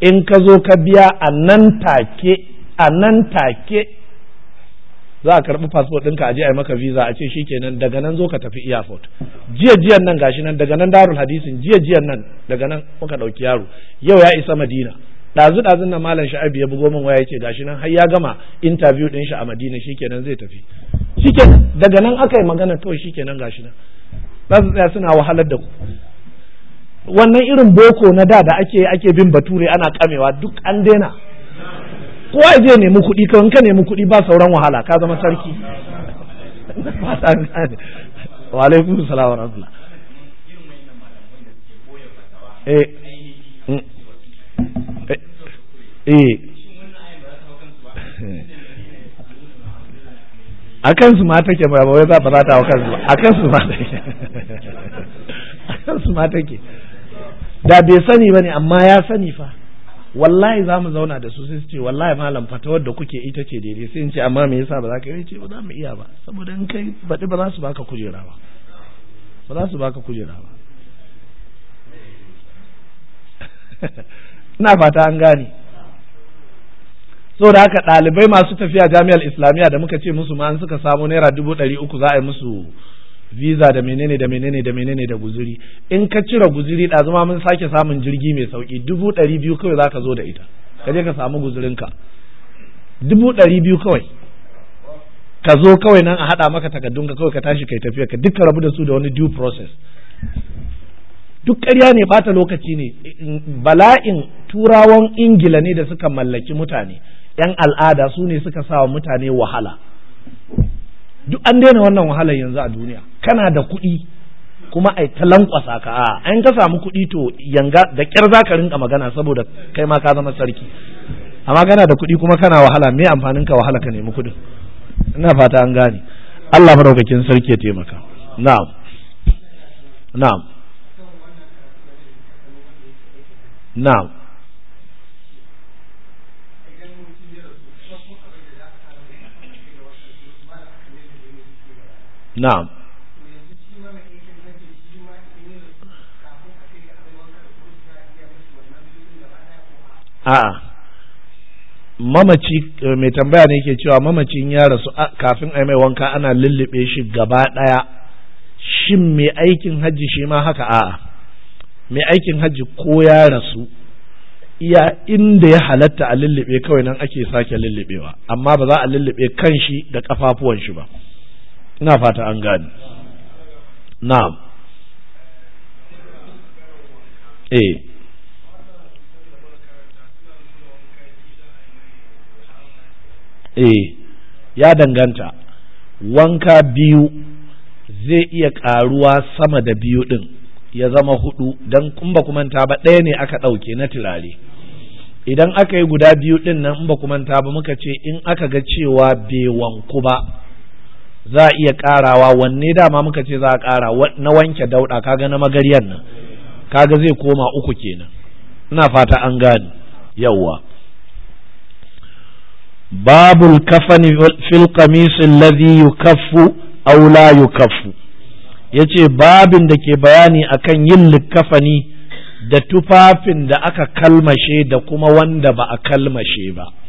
in ka zo ka biya a nan take a nan take za a karbi passport ɗinka a je a yi maka visa a ce shikenan daga nan zo ka tafi airport jiya jiyan nan gashi nan daga nan darul hadisin jiya jiyan nan daga nan muka ɗauki yaro yau ya isa madina ɗazu ɗazun nan malam sha'abi ya bugo min waya yace gashi nan har ya gama interview ɗin shi a madina shikenan zai tafi shikenan daga nan aka yi magana to shikenan gashi nan za su tsaya suna wahalar da ku wannan irin boko na da da ake ake bin bature ana kamewa duk an daina kowa ya je nemi kuɗi kawai ka nemi kuɗi ba sauran wahala ka zama sarki wa alaikum salam wa rahmatullah eh mm. eh, eh. ma take ba wai za ba za ta hau su ba a kansu ma take a kansu ma take da bai sani ba ne amma ya sani fa wallahi za mu zauna da su sai su ce wallahi malam fatawar da kuke ita ce daidai sai in ce amma me yasa ba za ka yi ce ba za mu iya ba saboda in kai baɗi ba za su baka kujera ba ba za su baka kujera ba ina fata an gane saboda haka ɗalibai masu tafiya jami'ar islamiyya da muka ce musu ma an suka samu naira dubu ɗari uku za a yi musu visa da menene da menene da menene da guzuri in ka cire guzuri ɗazuma mun sake samun jirgi mai sauki dubu ɗari biyu kawai za ka zo da ita ka je ka samu guzurinka dubu ɗari biyu kawai ka zo kawai nan a haɗa maka takardun ka kawai ka tashi kai tafiya ka duka rabu da su da wani due process duk ƙarya ne bata lokaci ne bala'in turawan ingila ne da suka mallaki mutane yan al'ada su ne suka sa wa mutane wahala duk an daina wannan wahalar yanzu a duniya kana da kuɗi kuma ai ta lankwasa ka a an ka samu kuɗi to yanga da kyar za ka rinka magana saboda kai ma ka zama sarki amma kana da kuɗi kuma kana wahala me amfanin ka wahala ka nemi kuɗin ina fata an gane Allah maraukakin sarki ya taimaka na'am na'am na'am na'am mamaci eh, mai tambaya ne ke cewa mamacin ya rasu kafin a mai wanka ana lullube shi gaba ɗaya shin mai aikin hajji shi ma haka a'a mai aikin hajji ko ya rasu iya inda ya halatta a lullube kawai nan ake sake lullubewa amma ba za a lullube kan shi da ƙafafuwan shi ba ina fata an gani na'am eh eh ya danganta wanka biyu zai iya karuwa sama da biyu ɗin ya zama hudu don kumba kumanta ba ɗaya ne aka ɗauke na turare idan aka yi guda biyu din nan in ba kumanta ba muka ce in aka ga cewa bai wanku ba za a iya karawa wanne dama muka ce za a kara na wanke dauda kaga na magariyan nan kaga zai koma uku kenan ina fata an gani yawa babul kafani fil qamis alladhi yukaffu aw la yukaffu yace babin da ke bayani akan yin likkafani da tufafin da aka kalmashe da kuma wanda ba a kalmashe ba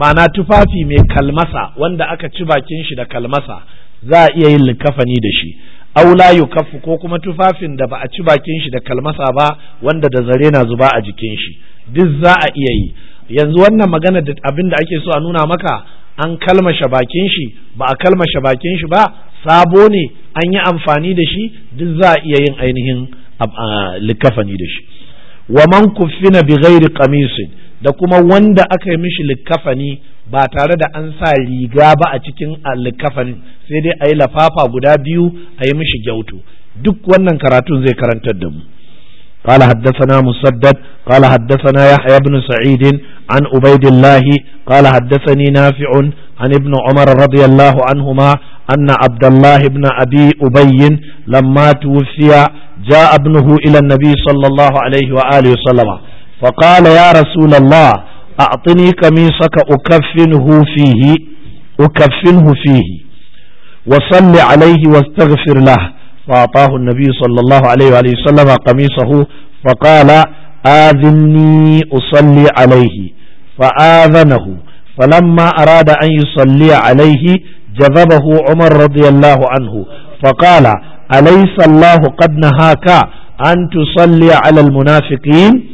ma'ana tufafi mai kalmasa wanda aka ci bakin shi da kalmasa za a iya yin likafani da shi aula yukaffu ko kuma tufafin da ba a ci bakin shi da kalmasa ba wanda da zare na zuba a jikin shi duk za a iya yi yanzu wannan magana da abin da ake so a nuna maka an kalmashe bakin shi ba a kalmashe bakin shi ba sabo ne an yi amfani da shi duk za a iya yin ainihin ah, likafani da shi wa man kuffina bi ghairi qamisin da kuma wanda aka yi mishi likkafani ba tare da an sa riga ba a cikin likkafanin sai dai a yi lafafa guda biyu a yi mishi gyautu duk wannan karatun zai karantar da mu قال حدثنا مسدد قال حدثنا يحيى بن سعيد عن عبيد الله قال حدثني نافع عن ابن عمر رضي الله عنهما أن عبد الله بن أبي أبي لما توفي جاء ابنه إلى النبي صلى الله عليه وآله وسلم fa qala ya rasulullah a'tini qamisaka ukaffinhu fihi ukaffinhu fihi wa salli alayhi wastaghfir lahu فأعطاه النبي صلى الله عليه وآله وسلم قميصه فقال آذني أصلي عليه فآذنه فلما أراد أن يصلي عليه جذبه عمر رضي الله عنه فقال أليس الله قد نهاك أن تصلي على المنافقين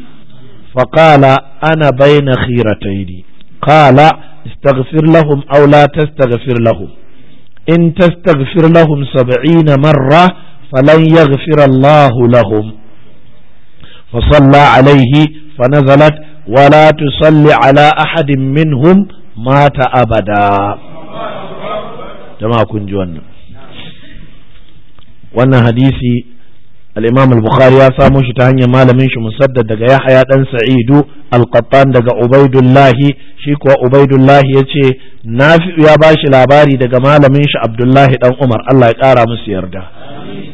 فقال أنا بين خيرتين قال استغفر لهم أو لا تستغفر لهم إن تستغفر لهم سبعين مرة فلن يغفر الله لهم فصلى عليه فنزلت ولا تصل على أحد منهم مات أبدا جماعة كنجوانا وانا حديثي al-imam ya samo shi ta hanyar malamin shi musaddad daga yahya dan sa'idu al-qattan daga ubaidullahi shi kuwa ubaidullahi yace nafi'u ya bashi labari daga malamin shi abdullahi dan umar Allah ya kara musu yarda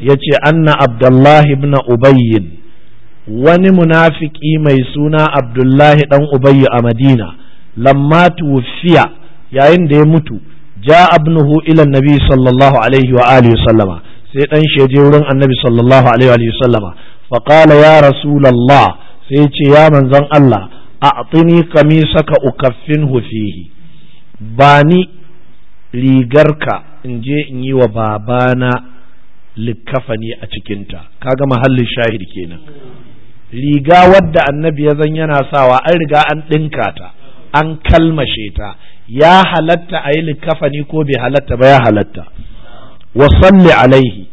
yace anna abdullahi ibn ubayyin wani munafiki mai suna abdullahi dan ubayy a madina lamma tuwfiya yayin da ya mutu ja abnuhu ila nabi sallallahu alaihi wa alihi sallama sai ɗan shi je wurin annabi sallallahu alaihi wa sallama fa qala ya rasulullah sai ce ya manzon Allah a'tini qamisaka ukaffinhu fihi bani rigarka in je in yi wa babana likkafani a cikinta kaga mahallin shahid kenan riga wadda annabi ya zan yana sawa an riga an ɗinka ta an kalmashe ta ya halatta a yi likkafani ko bai halatta ba ya halatta wa salli alaihi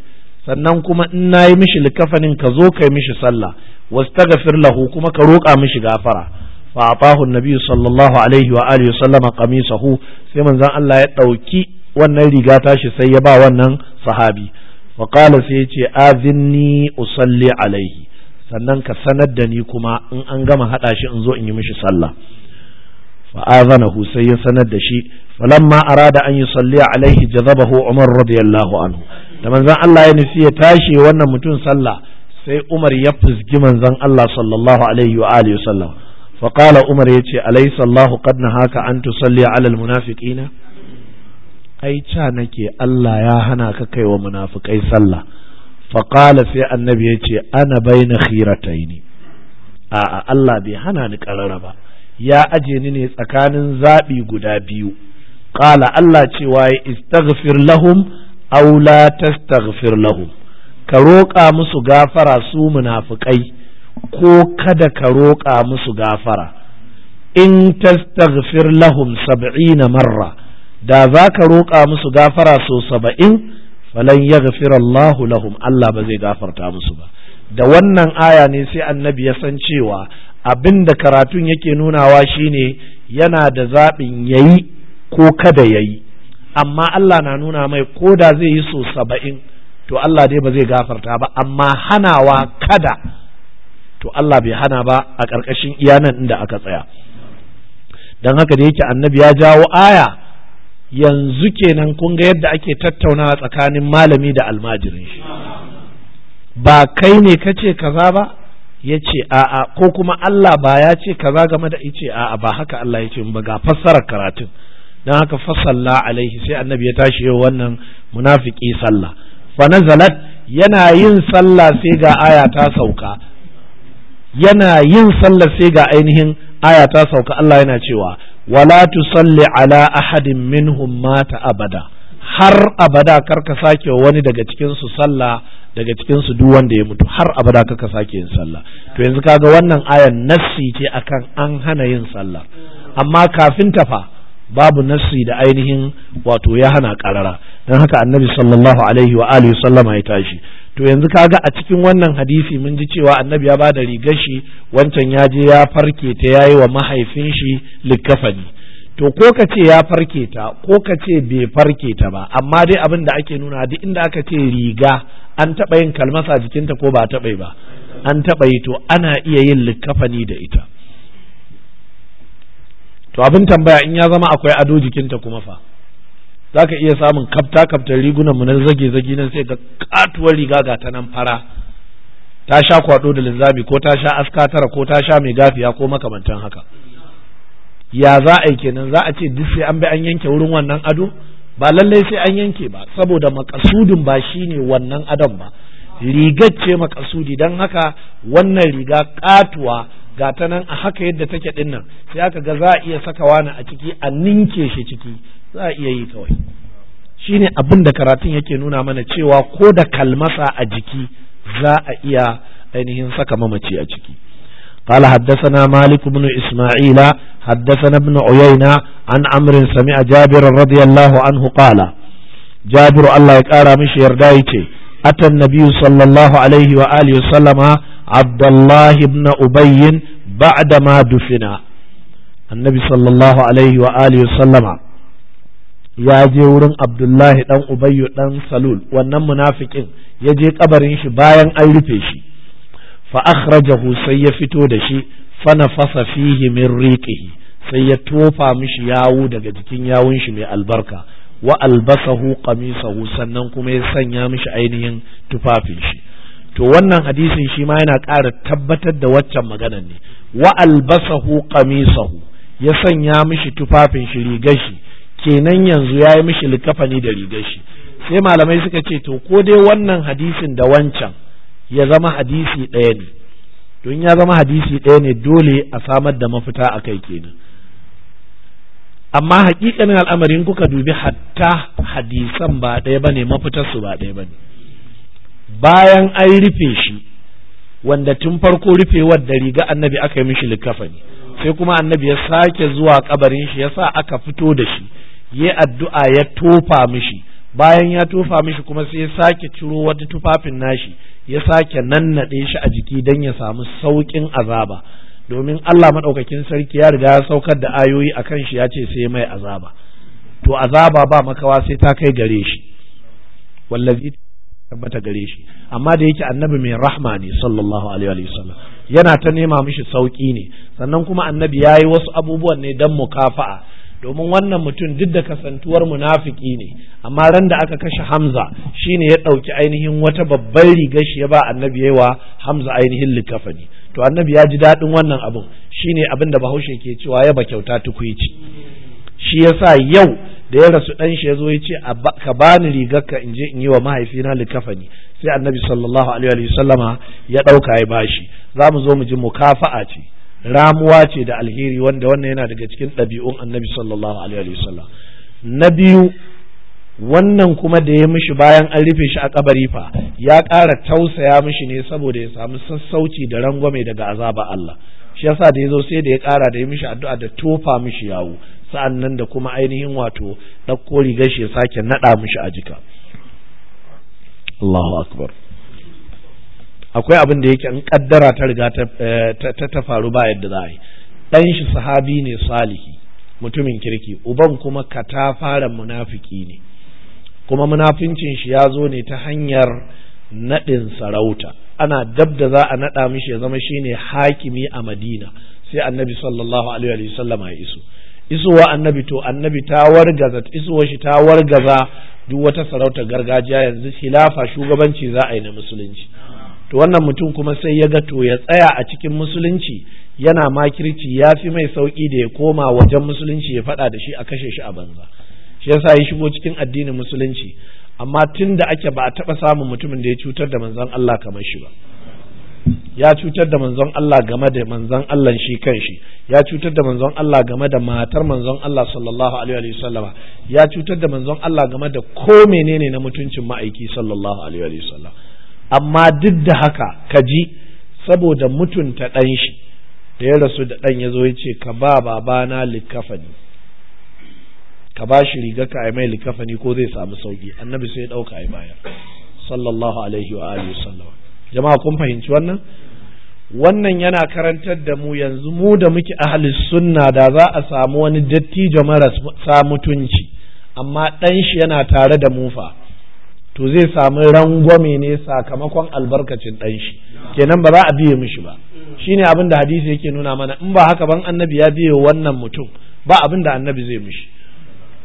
sannan kuma in na yi mishi likafanin ka zo kai mishi sallah wastaghfir lahu kuma ka roƙa mishi gafara fa atahu annabi sallallahu alaihi wa alihi sallama qamisahu sai manzon Allah ya dauki wannan riga tashi sai ya ba wannan sahabi wa qala sai ya ce azinni usalli alaihi sannan ka sanar da ni kuma in an gama haɗa shi in zo in yi mishi sallah fa azanahu sai ya sanar da shi walamma arada an yusalli alaihi jazabahu umar radiyallahu anhu da manzon Allah ya nufi ya tashi wannan mutum sallah sai umar ya fusgi manzon Allah sallallahu alaihi wa alihi wasallam fa qala umar yace alaysa Allah qad nahaka an tusalli ala almunafiqina ai ca nake Allah ya hana ka kai wa munafikai sallah fa sai annabi yace ana baina khirataini a'a Allah bai hana ni karara ba ya aje ni ne tsakanin zaɓi guda biyu Ƙala Allah cewa ya istagfir lahum Aula ta tastaghfir lahum ka roƙa musu gafara su munafikai ko kada ka roƙa musu gafara in tastaghfir lahum sab'ina marra da za ka roƙa musu gafara so saba'in falan gafira Allahu lahum Allah ba zai gafarta musu ba da wannan aya ne sai annabi ya san cewa abin da karatun yake nunawa shine yana da zaɓin yayi ko kada ya yi amma Allah na nuna mai ko da zai yi so saba'in to Allah dai ba zai gafarta ba amma hanawa kada to Allah bai hana ba a ƙarƙashin iyanan inda aka tsaya don haka da yake annabi ya jawo aya yanzu kenan kun ga yadda ake tattaunawa tsakanin malami da almajirin shi ba kai ne ka ce kaza ba ya ce a'a ko kuma Allah ba ya ce kaza game da ice a'a ba haka Allah ya ce ba ga fassarar karatun dan haka fasalla alaihi sai annabi ya tashi yau wannan munafiki sallah fa nazalat yana yin sallah sai ga aya ta sauka yana yin sallah sai ga ainihin aya ta sauka Allah yana cewa wala tusalli ala ahadin minhum mata abada har abada karka sake wani daga cikin su sallah daga cikin su duk wanda ya mutu har abada karka sake yin sallah to yanzu kaga wannan ayan nassi ce akan an hana yin sallah amma kafin tafa fa babu Nasri da ainihin wato ya hana karara don haka annabi sallallahu alaihi wa alihi sallama ya tashi to yanzu kaga a cikin wannan hadisi mun ji cewa annabi ya bada rigar shi wancan ya je ya farke ta yayi wa mahaifin shi likkafani to ko kace ya farke ta ko kace bai farke ta ba amma dai abin da ake nuna duk inda aka ce riga an taba yin kalmasa jikinta ko ba taba ba an taɓa yi to ana iya yin likkafani da ita to abin tambaya in ya zama akwai ado jikinta kuma fa za ka iya samun kafta kaftar rigunan mu na zage zage nan sai ga katuwar riga ga ta nan fara ta sha kwado da linzami ko ta sha aska tara ko ta sha mai gafiya ko makamantan haka ya za a yi kenan za a ce duk sai an bi an yanke wurin wannan ado ba lallai sai an yanke ba saboda makasudin ba shine wannan adon ba rigar ce makasudi don haka wannan riga katuwa ga ta nan a haka yadda take din nan sai aka ga za a iya saka wani a ciki a ninke shi ciki za a iya yi kawai shine abin da karatun yake nuna mana cewa ko da kalmasa a jiki za a iya ainihin saka mamaci a ciki قال حدثنا مالك بن إسماعيل حدثنا ابن عيينة عن أمر سمع جابر رضي الله عنه قال جابر الله يكارى مش يردايتي أتى النبي صلى الله عليه وآله وسلم عبد الله بن أبي ba'da ma dufina annabi sallallahu alaihi wa alihi sallama ya je wurin abdullahi dan ubayyu dan salul wannan munafikin ya je kabarin shi bayan an rufe shi fa akhrajahu sai ya fito da shi fa nafasa fihi min riqihi sai ya tofa mishi yawu daga jikin yawun shi mai albarka wa albasahu qamisahu sannan kuma ya sanya mishi ainihin tufafin shi to wannan hadisin shi ma yana ƙara tabbatar da waccan maganar ne wa albasahu qamisahu ya sanya mishi tufafin shi rigashi kenan yanzu ya yi mishi likafani da rigashi sai malamai suka ce to ko dai wannan hadisin da wancan ya zama hadisi ɗaya ne don ya zama hadisi ɗaya ne dole a samar da mafita a kai kenan amma hakikanin al'amarin kuka dubi hatta hadisan ba ɗaya ba ne mafitarsu ba ɗaya ba bayan an rufe shi wanda tun farko rufewar da riga annabi aka yi mishi likafani sai kuma annabi ya sake zuwa kabarin shi yasa aka fito da shi ya addu'a ya tofa mishi bayan ya tofa mishi kuma sai ya sake ciro wata tufafin nashi ya sake nannaɗe shi a jiki don ya samu sauƙin azaba domin Allah maɗaukakin sarki ya riga ya saukar da ayoyi a kan shi ya ce sai mai azaba to azaba ba makawa sai ta kai gare shi wallazi tabbata gare shi amma da yake annabi mai rahma ne sallallahu alaihi wa sallam yana ta nema mishi sauki ne sannan kuma annabi ya yi wasu abubuwan ne don mukafa'a domin wannan mutum duk da kasantuwar munafiki ne amma ran da aka kashe hamza shine ya ɗauki ainihin wata babbar rigar shi ya ba annabi yawa hamza ainihin likafani to annabi ya ji daɗin wannan abun shine abin da bahaushe ke cewa ya ba kyauta tukuici shi yasa yau da ya rasu dan shi ya zo ya ce ka bani rigarka in je in yi wa mahaifina likafani sai annabi sallallahu alaihi wa sallama ya dauka ya bashi za mu zo mu ji mukafa'a ce ramuwa ce da alheri wanda wannan yana daga cikin ɗabi'un annabi sallallahu alaihi wa sallam na biyu wannan kuma da ya mishi bayan an rufe shi a kabari fa ya ƙara tausaya mishi ne saboda ya samu sassauci da rangwame daga azaba Allah shi yasa da zo sai da ya kara da ya mishi addu'a da tofa mishi yawo sa'an nan da kuma ainihin wato ɗauko riga shi ya sake naɗa mishi a jika Allahu akbar akwai abin da yake in kaddara ta riga eh, ta ta faru ba yadda za a yi ɗan shi sahabi ne salihi mutumin kirki uban kuma katafaren munafiki ne kuma munafincin shi ya zo ne ta hanyar naɗin sarauta ana dab da za a naɗa mishi ya zama shine hakimi a madina sai annabi sallallahu alaihi wa sallama ya iso isowa annabi to annabi ta wargaza isowa shi ta wargaza duk wata sarauta gargajiya yanzu hilafa shugabanci za a yi na musulunci to wannan mutum kuma sai ya ga to ya tsaya a cikin musulunci yana makirci ya fi mai sauki da ya koma wajen musulunci ya faɗa da shi a kashe shi a banza shi yasa ya shigo cikin addinin musulunci amma tun da ake ba a taɓa samun mutumin da ya cutar da manzon Allah kamar shi ba ya cutar da manzon Allah game da manzon Allah shi kan shi, ya cutar da manzon Allah game da matar manzon Allah sallallahu alaihi wa sallam, ya cutar da manzon Allah game da ko menene na mutuncin ma'aiki sallallahu alaihi wa sallam amma duk da haka ka ji saboda mutunta ɗan shi da ya rasu da ɗan ya zo ya ce ka ba babana likafani ka ba shi riga ka yi mai likafani ko zai samu sauki annabi sai ya dauka ai baya sallallahu alaihi wa alihi sallam jama'a kun fahimci wannan wannan yana karantar da mu yanzu mu da muke ahli sunna da za a samu wani dattijo mara sa mutunci amma dan shi yana tare da mu fa to zai samu rangwame ne sakamakon albarkacin dan shi kenan ba za a biye mishi ba shine abin da hadisi yake nuna mana in ba haka ban annabi ya biye wannan mutum ba abin da annabi zai mishi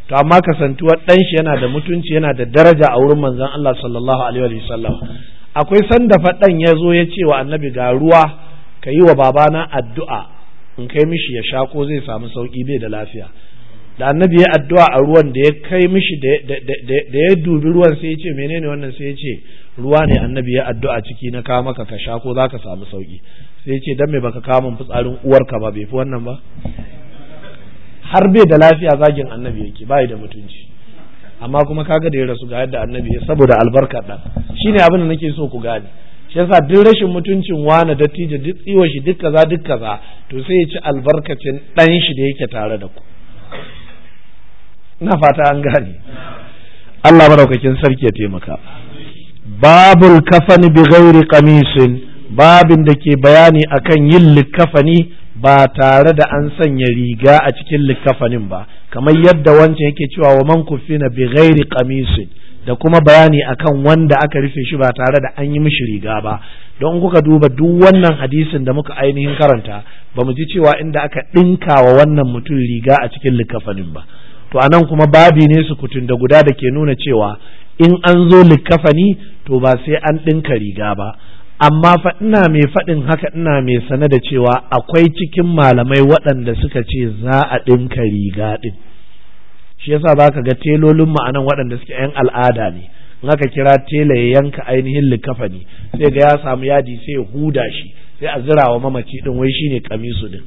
to amma kasantuwar ɗan shi yana da mutunci yana da daraja a wurin manzon Allah sallallahu alaihi wa sallam akwai sanda ɗan ya zo ya ce wa annabi ga ruwa ka yi wa babana addu'a in kai mishi ya sha ko zai samu sauki bai da lafiya da annabi ya addu'a a ruwan da ya kai mishi da ya dubi ruwan sai ya ce menene wannan sai ya ce ruwa ne annabi ya addu'a ciki na kawo maka ka sha ko za ka samu sauki sai ya ce dan me baka kawo min fitsarin uwarka ba bai fi wannan ba har bai da lafiya zagin annabi yake bai da mutunci amma kuma kaga da ya rasu ga yadda annabi ya saboda albarka ɗan shine abin da nake so ku gane shi yasa duk rashin mutuncin wani dattijo duk tsiwa shi duk kaza duk kaza to sai ya ci albarkacin ɗan shi da yake tare da ku na fata an gane Allah maraukakin sarki ya taimaka babul kafani bi ghairi qamisin babin da ke bayani akan yin likafani ba tare da an sanya riga a cikin likkafanin ba kamar yadda wancan yake cewa wa man kufina bi ghairi qamisin da kuma bayani akan wanda aka rufe shi ba tare da an yi mishi riga ba don kuka duba duk wannan hadisin da muka ainihin karanta ba mu ji cewa inda aka ɗinka wa wannan mutum riga a cikin likkafanin ba to anan kuma babi ne su kutun da guda da ke nuna cewa in an zo likkafani to ba sai an ɗinka riga ba amma fa ina mai faɗin haka ina mai sane da cewa akwai cikin malamai waɗanda suka ce za a ɗinka riga ɗin shi yasa za ka ga telolin ma'anan waɗanda suke 'yan al'ada ne in aka kira tela ya yanka ainihin ne. sai ga ya samu yadi sai ya huda shi sai a zira wa mamaci din wai shine kamisu ɗin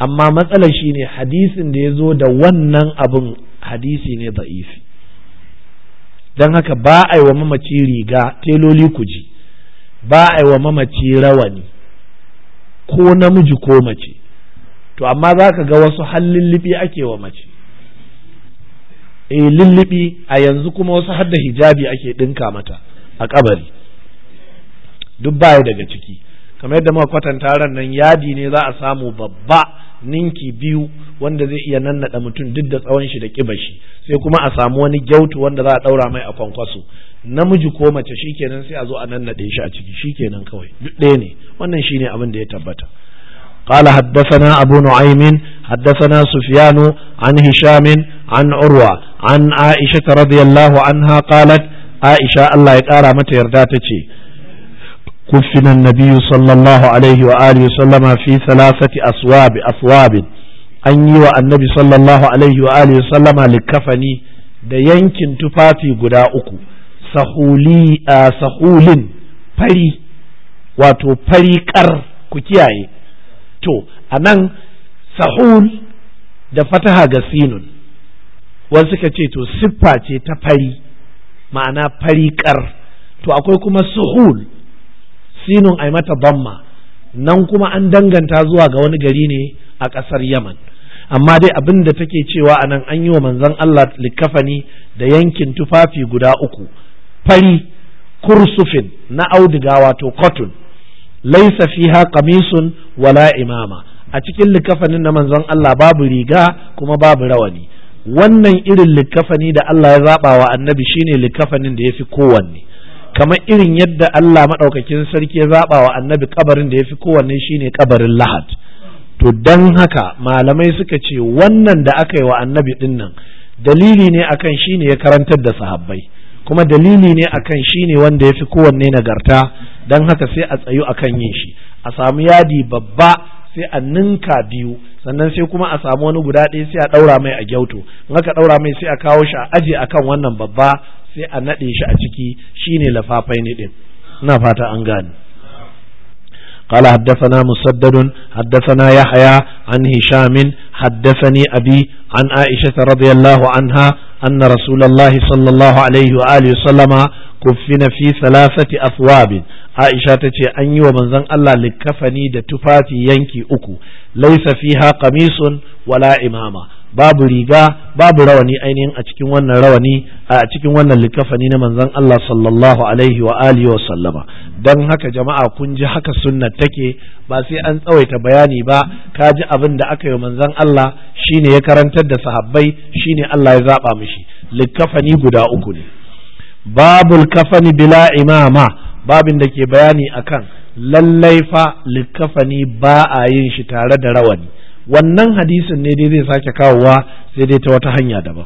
amma matsalar shi ne hadisin da ya zo da wannan abin hadisi ne da'ifi don haka ba a yi wa mamaci riga teloli ku ji ba a yi wa mamaci rawani ko namiji ko mace to amma za ka ga wasu hallin ake wa mace e lullubi a yanzu kuma wasu hadda hijabi ake ɗinka mata a kabari duk baya daga ciki kamar yadda muka kwatanta ran nan yadi ne za a samu babba ninki biyu wanda zai iya nannaɗa mutum duk da tsawon shi da kiba shi sai kuma a samu wani gyautu wanda za a ɗaura mai a kwankwaso namiji ko mace shikenan sai a zo a nannaɗe shi a ciki shikenan kawai duk ɗaya ne wannan shine abin da ya tabbata قال حدثنا أبو نعيم حدثنا an عن an عن عروة عن عائشة رضي الله عنها قالت عائشة الله يقارى متى يرداتك كفن النبي صلى الله عليه وآله وسلم في ثلاثة أصواب أصواب أن يوى صلى الله عليه وآله وسلم لكفني da yankin tufafi guda uku sahuli fari wato fariƙar ku kiyaye to a nan sahul da fataha ga sinun wasu suka ce to siffa ce ta fari ma'ana fariƙar, to akwai kuma suhul sinun ai mata bamma nan kuma an danganta zuwa ga wani gari ne a ƙasar yaman amma dai abin da take cewa a nan an yi wa manzon Allah likafani da yankin tufafi guda uku fari kursufin na auduga wato cotton laisa fiha qamisun wala imama a cikin likafanin na manzon Allah babu riga kuma babu rawani wannan irin likafani da Allah ya zaɓa wa annabi shine likafanin da yafi kowanne kamar irin yadda Allah maɗaukakin sarki ya zaɓa wa annabi kabarin da ya fi kowanne shine kabarin lahad to don haka malamai suka ce wannan da aka yi wa annabi ɗin nan dalili ne akan shine ya karantar da sahabbai kuma dalili ne akan shine wanda ya fi kowanne nagarta don haka sai a tsayu akan yin shi a samu yadi babba sai a ninka biyu sannan sai kuma a samu wani guda ɗaya sai a ɗaura mai a gyauto in aka ɗaura mai sai a kawo shi a aje akan wannan babba sai a naɗe shi a ciki shine lafafai ne ɗin ina fata an gane قال حدثنا مسدد حدثنا يحيى عن هشام حدثني أبي عن عائشة رضي الله عنها أن رسول الله صلى الله عليه وآله وسلم كفن في ثلاثة أثواب عائشة تتي أن ومن ذن الله لكفني دتفاتي ينكي أكو ليس فيها قميص ولا إمامة babu riga babu rawani ainihin a cikin wannan rawani a cikin wannan likafani na manzon Allah sallallahu alaihi wa alihi wa sallama dan haka jama'a kun ji haka sunna take ba sai an tsawaita bayani ba ka ji abin da aka yi manzon Allah shine ya karantar da sahabbai shine Allah ya zaba mishi likafani guda uku ne babul kafani bila imama babin da ke bayani akan lallai fa likafani ba a yin shi tare da rawani wannan hadisin ne dai zai sake kawowa sai dai ta wata hanya daban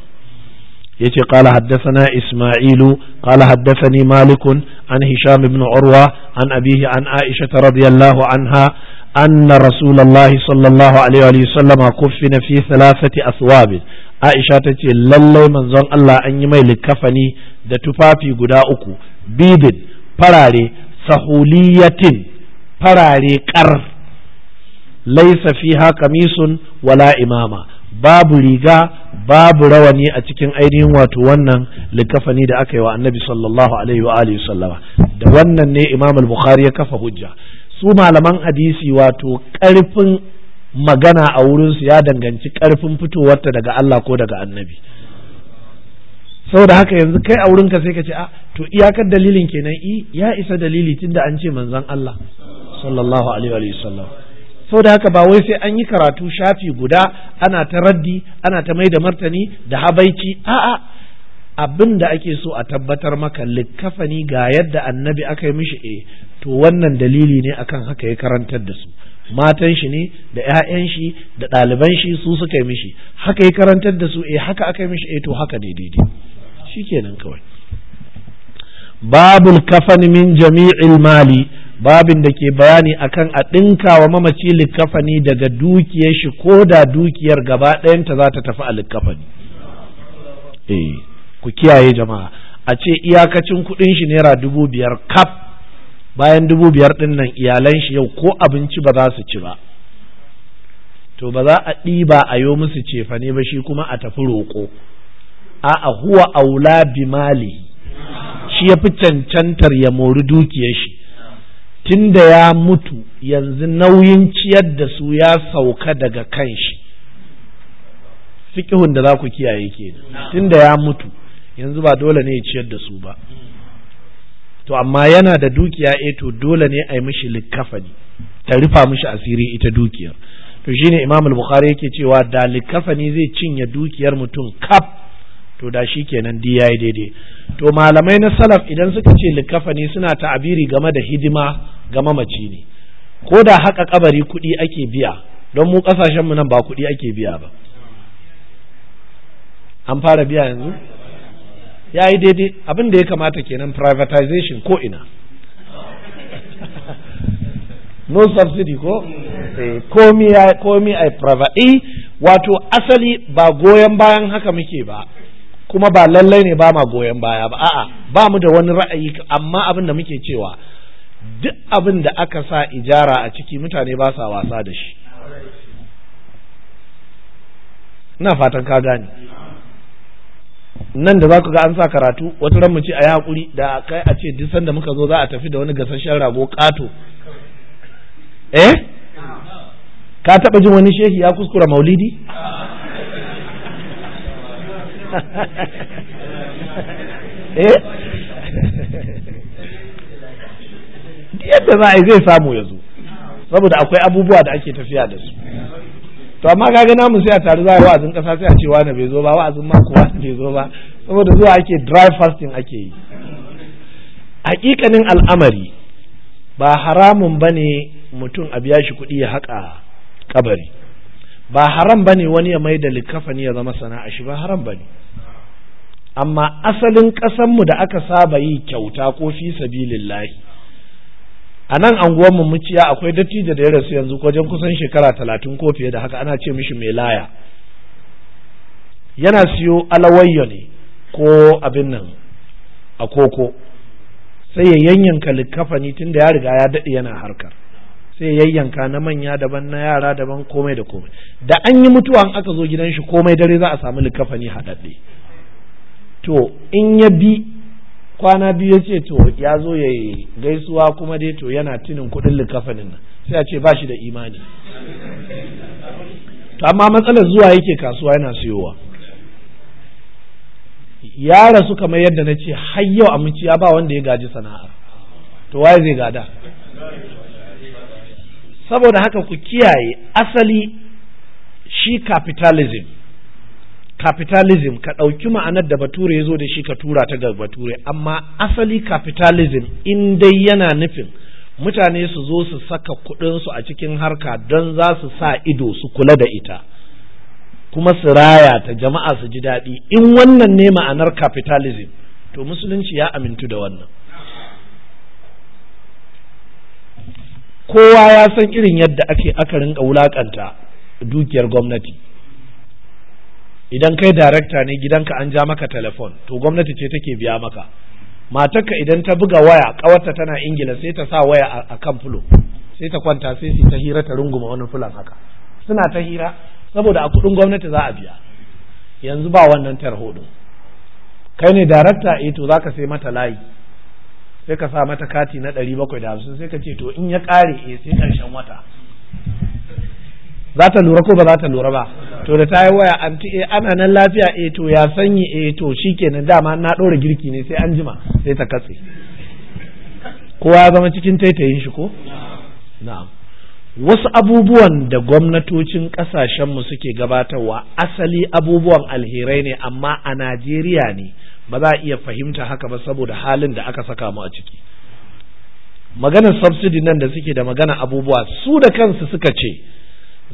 yace qala haddathana isma'ilu qala haddathani Malikun. an hisham ibn urwa an abihi an aisha radiyallahu anha أن رسول الله صلى الله عليه وسلم كفن في ثلاثة aisha ta ce lallai manzon Allah an yi mai likafani da tufafi guda uku bidin farare sahuliyatin farare kar laisa fiha kamisun wala imama babu riga babu rawani a cikin ainihin wato wannan likafani da aka yi wa annabi sallallahu alaihi wa alihi sallama da wannan ne imam al-bukhari ya kafa hujja su malaman hadisi wato karfin magana a wurinsu ya danganci karfin fitowarta daga Allah ko daga annabi da haka yanzu kai a wurinka sai ka ce a ah, to iyakar dalilin kenan i ya isa dalili tunda an ce manzon Allah sallallahu alaihi wa sallam saboda haka ba wai sai an yi karatu shafi guda ana ta raddi ana ta mai da martani da habaici a'a abin da ake so a tabbatar maka likkafani ga yadda annabi aka yi mishi e to wannan dalili ne akan haka ya karantar da su matan shi ne da 'ya'yan shi da ɗaliban shi su suka yi mishi haka ya karantar da su e haka aka yi mishi e to haka ne daidai shikenan kawai babul kafan min jami'il mali babin da ke bayani akan a ɗinka wa mamaci likkafani daga dukiyar shi ko da dukiyar gaba ɗayanta za ta tafi a likkafani eh ku kiyaye jama'a a ce iyakacin kuɗin shi naira dubu biyar kaf bayan dubu biyar ɗin nan iyalan shi yau ko abinci ba za su ci ba to ba za a ɗiba a yo musu cefane ba shi kuma a tafi roƙo a a huwa aula bi mali shi ya fi cancantar ya mori dukiyar shi tun da ya mutu yanzu nauyin ciyar da su ya sauka daga kan shi fikihun da za ku kiyaye ke tun da ya mutu yanzu ba dole ne ya ciyar da su ba to amma yana da dukiya e to dole ne a yi mishi likkafani ta rufa mishi asiri ita dukiyar to shine imam al-bukhari yake cewa da likkafani zai cinye dukiyar mutum kaf to da shi kenan di yayi daidai to malamai na salaf idan suka ce likkafani suna ta'abiri game da hidima ga mamaci ne ko da haka kabari kuɗi ake biya don mu kasashen mu nan ba kuɗi ake biya ba an fara biya yanzu ya yi daidai abin da ya kamata kenan privatization ko ina no subsidy ko eh, komi a private eh, wato asali ba goyon bayan haka muke ba kuma ba lallai ne ba ma goyon baya ba a'a ba mu da wani ra'ayi amma abin da muke cewa duk abin da aka sa ijara a ciki mutane ba sa wasa da shi ina fatan ka gane nan da za ku ga an sa karatu wata ran a yi hakuri, da kai a ce duk sanda muka zo za a tafi da wani gasasshen rago ƙato eh ka taɓa jin wani shehi ya kuskura maulidi eh yadda za a yi zai samu ya zo saboda akwai abubuwa da ake tafiya da su to amma kaga namu sai a taru za a wa'azin kasa sai a ce wani bai zo ba wa'azin mako wani bai zo ba saboda zuwa ake dry fasting ake yi hakikanin al'amari ba haramun ba ne mutum a biya shi kuɗi ya haƙa kabari ba haram ba ne wani ya maida likafani ya zama sana'a shi ba haram ba ne amma asalin ƙasanmu da aka saba yi kyauta ko fi sabilillahi a nan anguwan mu muciya akwai dattijo da ya rasu yanzu wajen kusan shekara talatin ko fiye da haka ana ce mishi mai laya yana siyo alawayyo ne ko abin nan a koko sai ya yanyanka likafani tun da ya riga ya daɗe yana harkar sai ya na manya daban na yara daban komai da komai da an yi mutuwa an aka zo gidan shi komai dare za a samu likafani haɗaɗɗe to in ya bi kwana biyu ya ce to ya zo ya yi gaisuwa kuma dai to yana tunin kuɗin likafanin nan sai a ce ba shi da imani to amma matsalar zuwa yake kasuwa yana siyowa ya rasu kamar yadda na ce har yau aminci ya ba wanda ya gaji sana'a to waye zai gada saboda haka ku kiyaye asali shi capitalism capitalism ka ɗauki ma'anar da bature ya zo da shi ka tura ta ga bature amma asali capitalism in dai yana nufin mutane su zo su saka kuɗinsu a cikin harka don za su sa ido su kula da ita kuma su raya ta jama'a su ji daɗi in wannan ne ma'anar capitalism to musulunci ya amintu da wannan kowa ya san irin yadda ake aka rinka wulakanta dukiyar gwamnati idan kai darakta ne gidanka an ja maka telefon to gwamnati ce take biya maka matarka idan ta buga waya kawarta tana ingila sai ta sa waya a kan fulo sai ta kwanta sai su ta hira ta runguma wani fulan haka suna ta hira saboda a kudin gwamnati za a biya yanzu ba wannan tarhodin kai ne darakta eh to zaka sai mata layi sai ka sa mata kati na ɗari sai ka ce to in ya ƙare eh sai ƙarshen wata za ta lura ko ba za ta lura ba to da ta yi waya anti eh ana nan lafiya eh to ya sanyi eh to shikenan dama na ɗora girki ne sai an jima sai ta katse kowa ya zama cikin taitayin shi ko na'am wasu abubuwan da gwamnatocin ƙasashenmu suke gabatarwa asali abubuwan alherai ne amma a najeriya ne ba za a iya fahimta haka ba saboda halin da aka saka mu a ciki maganar subsidy nan da suke da magana abubuwa su da kansu suka ce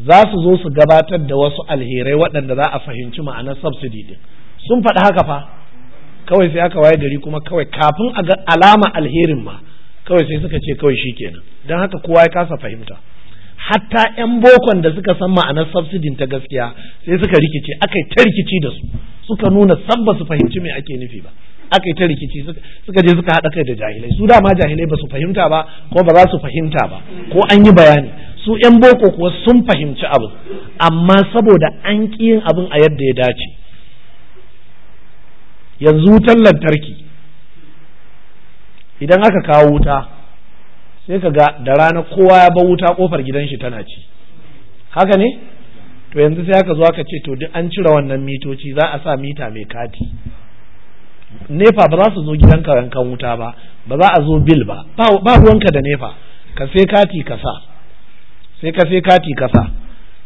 za su zo su gabatar da wasu alherai waɗanda za a fahimci ma'anar subsidy din sun faɗi haka fa kawai sai aka waye gari kuma kawai kafin a ga alama alherin ma kawai sai suka ce kawai shi kenan. don haka kowa ya kasa fahimta hatta 'yan bokon da suka san ma'anar subsidy ta gaskiya sai suka rikice aka ta rikici da su suka nuna sabba su fahimci me ake nufi ba aka yi ta rikici suka je suka haɗa kai da jahilai su dama jahilai ba su fahimta ba ko ba za su fahimta ba ko an yi bayani su yan boko kuwa sun fahimci abu amma saboda an ƙi yin abin a yadda ya dace yanzu wutan lantarki idan aka kawo wuta sai ka ga da rana kowa ya bar wuta kofar gidan shi tana ci haka ne to yanzu sai aka zo aka ce to duk an cire wannan mitoci za a sa mita mai kati nefa ba za su zo gidanka yankan wuta ba ba za a zo bil ba ba ruwanka da nefa ka sai kati ka sa sai ka sai kati ka sa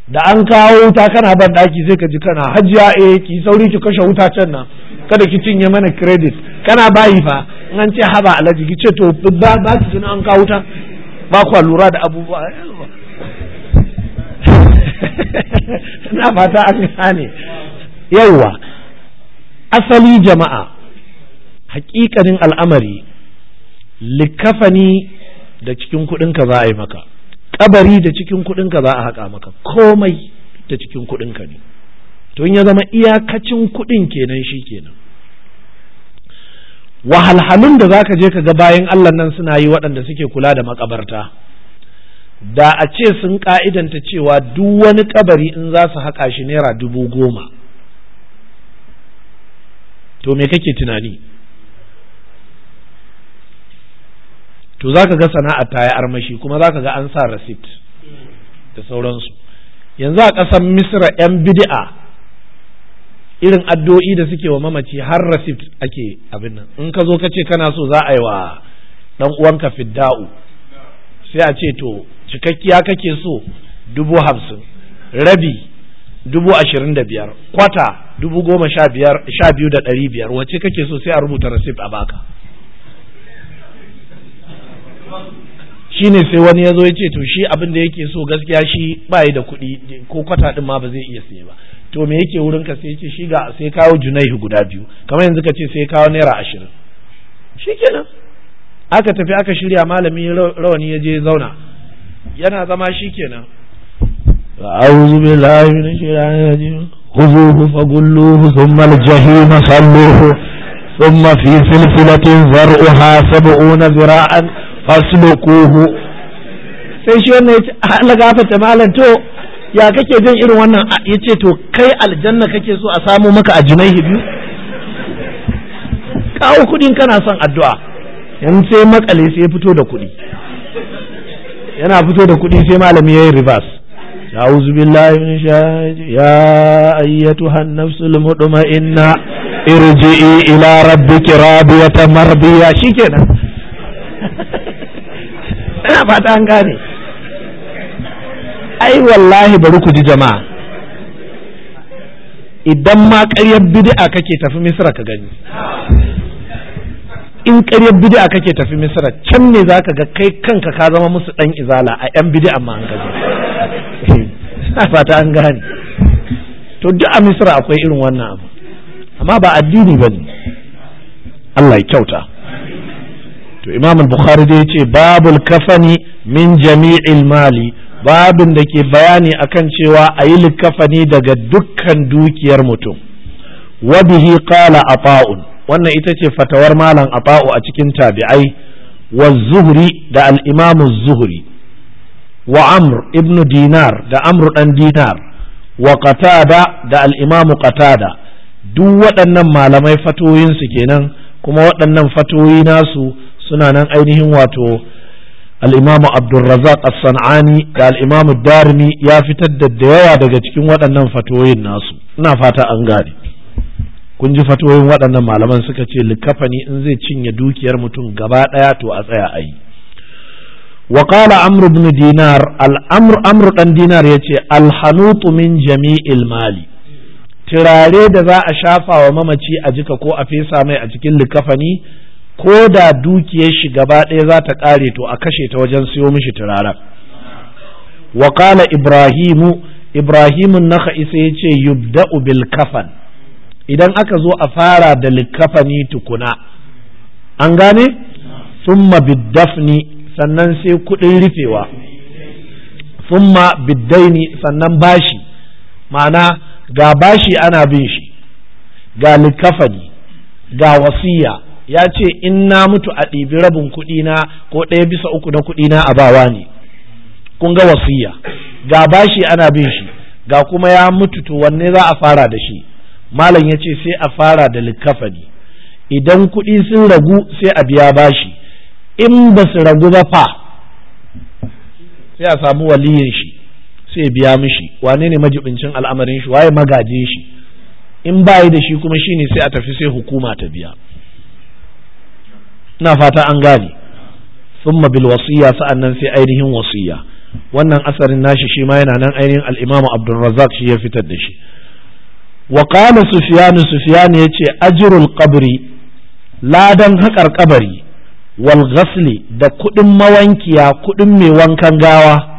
da an kawo wuta kana ban daki sai ka ji kana hajiya eh ki sauri ki kashe wuta can nan kada ki cinye mana credit kana bayi fa in an ce haba alaji ki ce to ba ba ki an kawo wuta ba ku lura da abubuwa na fata an gane yauwa asali jama'a haƙiƙanin al'amari likafani da cikin kuɗinka za a yi maka kabari da cikin kuɗinka za a haƙa maka komai da cikin kuɗinka ne to ya zama iyakacin kuɗin kenan shi kenan wahalhalun da za ka je ka ga bayan Allah nan suna yi waɗanda suke kula da makabarta da a ce sun ƙa'idanta cewa duk wani kabari in za su haƙa shi naira dubu goma to me kake tunani to zaka ga sana'a ta yi armashi kuma zaka ga an sa receipt da sauransu yanzu a ƙasar misra 'yan bid'a irin addu'o'i da suke wa mamaci har receipt ake abin nan in ka zo ka ce kana so za a yi wa dan uwanka fidda'u sai a ce to cikakkiya kake so dubu hamsin rabi dubu ashirin da biyar kwata dubu goma sha biyu da ɗari biyar wace kake so sai a rubuta receipt a baka shine sai wani ya zo ya ce to shi abin da yake so gaskiya shi ba da kuɗi ko kwata ɗin ma ba zai iya siye ba to me yake wurin ka sai ce shi ga sai kawo junaihi guda biyu kamar yanzu ka ce sai kawo naira ashirin shikenan aka tafi aka shirya malami rawani ya je zauna yana zama shikenan أعوذ بالله من الشيطان الرجيم خذوه فقلوه ثم الجحيم صلوه ثم في سلسلة ذرعها سبعون ذراعا kohu. sai shi wannan ya halaga ah, ta malam to ya kake jin irin wannan ah, Ya ce to kai aljanna kake so a samu maka a junaihi biyu kawo kudin kana son addu'a Yan sai makale sai ya fito da kudi yana fito da kuɗi sai malami ya yi reverse a'udhu billahi min shaytan ya ayyatuha an-nafsul mutma'inna irji'i ila rabbiki radiyatan mardiya ina fata an gane ai wallahi bari ku ji jama'a idan ma ƙaryar bid'a kake tafi Misira ka gani in ƙaryar bid'a kake tafi Misira, can ne zaka ga kai kanka ka zama musu dan izala a yan bid'a ma an gaji ina fata an gane to duk a misra akwai irin wannan abu amma ba addini bane Allah ya kyauta to imam al-bukhari dai yace babul kafani min jami'il mali babin da ke bayani akan cewa a yi likafani daga dukkan dukiyar mutum wabihi bihi qala ata'un wannan ita ce fatawar malam ata'u a cikin tabi'ai wa zuhri da al-imam zuhri wa amr ibn dinar da amr dan dinar wa qatada da al-imam qatada duk waɗannan malamai fatoyinsu kenan kuma waɗannan fatoyi nasu suna nan ainihin wato al'imamu abdulrazak as-san'ani da al'imamu darimi ya fitar da da yawa daga cikin waɗannan fatoyin nasu ina fata an gane kun ji fatoyin waɗannan malaman suka ce likafani in zai cinye dukiyar mutum gaba ɗaya to a tsaya a yi wa qala amr ibn dinar al amr Amru dan dinar yace al hanutu min jami'il mali turare da za a shafa wa mamaci a jika ko a fesa mai a cikin likafani ko da dukiyar shi gaba ɗaya za ta ƙare to a kashe ta wajen siyo mishi turaren wa kana ibrahimu ibrahimun na sai ya ce yubda'u bil kafan idan aka zo a fara da likafani tukuna an gane summa biddafni sannan sai kuɗin rufewa summa biddaini sannan bashi ma'ana ga bashi ana bin shi ga likafani ga wasiya ya ce in na mutu a ɗibi rabin kuɗi na ko ɗaya bisa uku na kuɗina a bawa ne kun ga wasiya ga bashi ana bin shi ga kuma ya mutu to wanne za a fara da shi malam ya ce sai a fara da likafani idan kuɗi sun ragu sai a biya bashi in ba su ragu ba fa sai a samu waliyin shi sai biya mishi wane ne majibincin al'amarin shi waye magaje shi in bayi da shi kuma shine sai a tafi sai hukuma ta biya ina fata an gane thumma bil wasiya sa'annan sai ainihin wasiya wannan asarin nashi shi ma yana nan ainihin al-Imam Abdurrazzaq shi ya fitar da shi wa qala Sufyan Sufyan yace ajrul qabri ladan haƙar kabari wal ghasli da kuɗin mawankiya kuɗin mai wankan gawa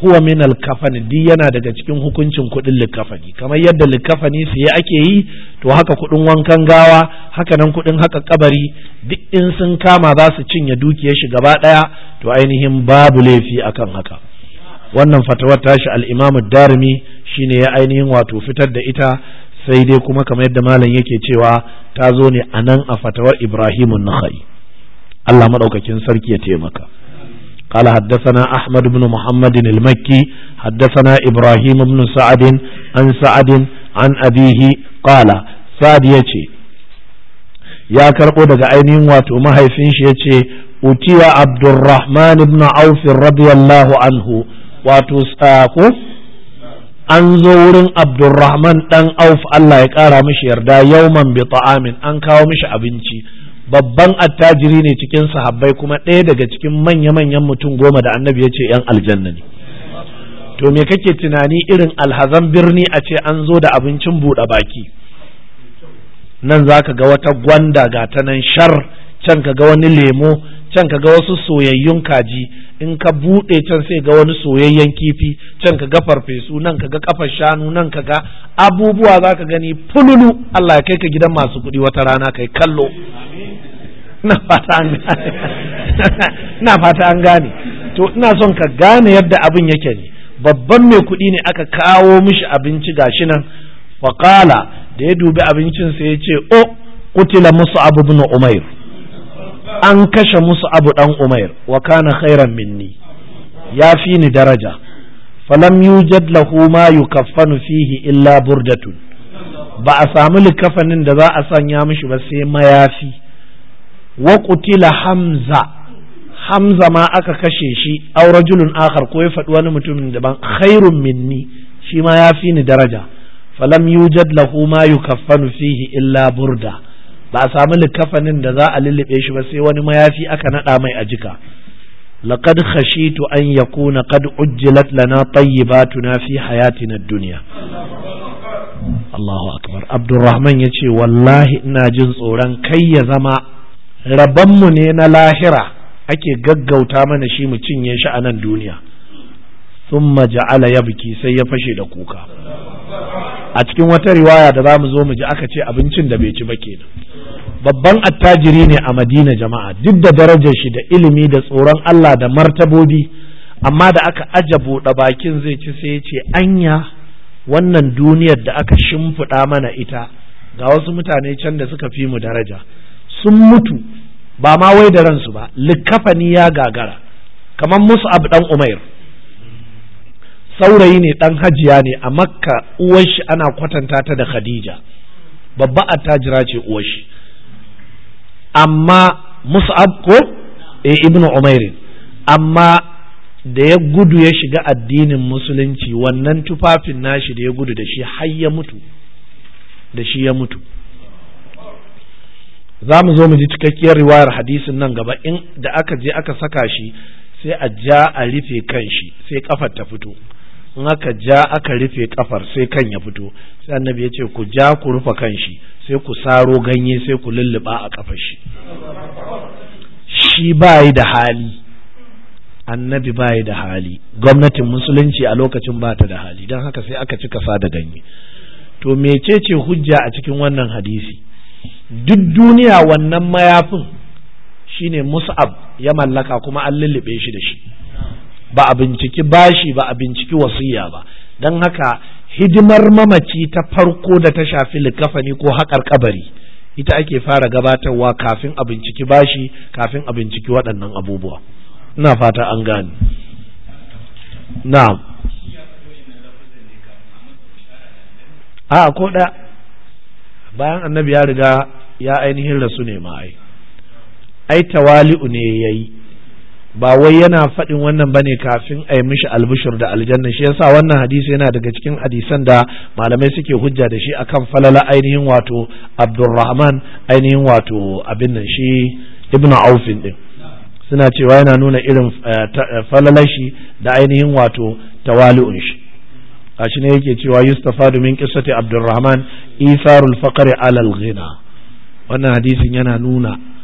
huwa min alkafani duk yana daga cikin hukuncin kuɗin likafani kamar yadda likafani siye ake yi to haka kuɗin wankan gawa haka nan kuɗin haka kabari duk in sun kama za su cinye dukiyar shi gaba ɗaya to ainihin babu laifi akan haka wannan fatawar tashi al-imamu darimi shine ya ainihin wato fitar da ita sai dai kuma kamar yadda malam yake cewa ta zo ne a nan a fatawar ibrahimun nahai Allah maɗaukakin sarki ya taimaka Kala حدثنا Ahmad بن محمد المكي حدثنا إبراهيم بن سعد an سعد عن أبيه قال سعد يتي ya karɓo daga ainihin wato mahaifin shi yace utiya abdurrahman ibn auf radiyallahu anhu wato ko an zo wurin abdurrahman ɗan auf Allah ya ƙara mishi yarda yauman bi Amin an kawo mishi abinci babban attajiri ne cikin sahabbai kuma ɗaya daga cikin manya-manyan mutum goma da annabi ya ce 'yan aljanna ne to me kake tunani irin alhazan birni a ce an zo da abincin buɗe baki nan za ka ga wata gwanda ga ta nan shar can ka ga wani lemo can ka ga wasu soyayyun kaji in ka buɗe can sai ga wani soyayyen kifi can ka ga farfesu nan ka ga kafar shanu nan ka ga abubuwa za ka gani fululu Allah ya kai ka gidan masu kuɗi wata rana kai kallo na fata an gane to ina son ka gane yadda abin yake ne babban mai kuɗi ne aka kawo mishi abinci ga shi nan faƙala da ya dubi abincin sai ya ce o kutila musu abu umair an kashe musu abu dan umair wa kana khairan minni ya fi ni daraja falam yujad lahu ma yukaffanu fihi illa burdatun ba a samu likafanin da za a sanya mishi ba sai mayafi wa qutila hamza hamza ma aka kashe shi aw rajulun akhar ko ya faɗi wani mutumin daban khairun minni shi ma ya fi ni daraja falam yujad lahu ma yukaffanu fihi illa burda ba a samu likafanin da za a lullube shi ba sai wani mayafi aka naɗa mai a jika laqad khashitu an yakuna qad ujjilat lana tayyibatuna fi hayatina ad-dunya Allahu akbar Abdurrahman yace wallahi ina jin tsoron kai ya zama rabanmu ne na lahira ake gaggauta mana shi mu cinye shi a nan duniya thumma ja'ala yabki sai ya fashe da kuka a cikin wata riwaya da za mu zo mu ji aka ce abincin da bai ci ba kenan babban attajiri ne a madina jama'a duk da darajar shi da ilimi da tsoron Allah da martabobi amma da aka aja buɗe bakin zai ci sai ya ce anya wannan duniyar da aka shimfiɗa mana ita ga wasu mutane can da suka fi mu daraja sun mutu ba ma wai da ransu ba likafani ya gagara kamar mus'ab dan umair saurayi ne dan hajiya ne a makka uwar shi ana kwatanta ta da khadija babba attajira ce uwar shi amma mus'ab ko eh, Ibnu umairin amma da ya gudu ya shiga addinin musulunci wannan tufafin nashi da ya gudu da shi har ya mutu da shi ya mutu za mu zo mu ji cikakkiyar riwayar hadisin nan gaba in da aka je aka saka shi sai a ja a rufe kan shi sai kafar ta fito in aka ja aka rufe kafar sai kan ya fito sai annabi ya ce ku ja ku rufe kan shi sai ku saro ganye sai ku lulluɓa a ƙafa shi shi bayi da hali annabi bayi da hali gwamnatin musulunci a lokacin ba ta da hali don haka sai aka ci kasa da ganye to mecece hujja a cikin wannan hadisi duk duniya wannan mayafin shine mus'ab ya mallaka kuma an lullube shi da shi ba a binciki bashi ba a binciki wasiya ba don haka hidimar mamaci ta farko da ta shafi likafani ko haƙar kabari ita ake fara gabatarwa kafin a binciki bashi kafin a binciki waɗannan abubuwa ina fata an gane na a ko da bayan annabi ya riga ya ainihin rasu ne ma ai ai tawali'u ne yayi ba wai yana faɗin wannan bane kafin a yi mishi albishir da aljanna shi yasa wannan hadisi yana daga cikin hadisan da malamai suke hujja da shi akan falala ainihin wato Abdulrahman ainihin wato abin nan shi Ibn Aufin din suna cewa yana nuna irin eh, eh, falalar shi da ainihin wato tawali'un shi shi ne yake cewa yustafadu min qissati Abdulrahman isarul faqri alal ghina wannan hadisin yana nuna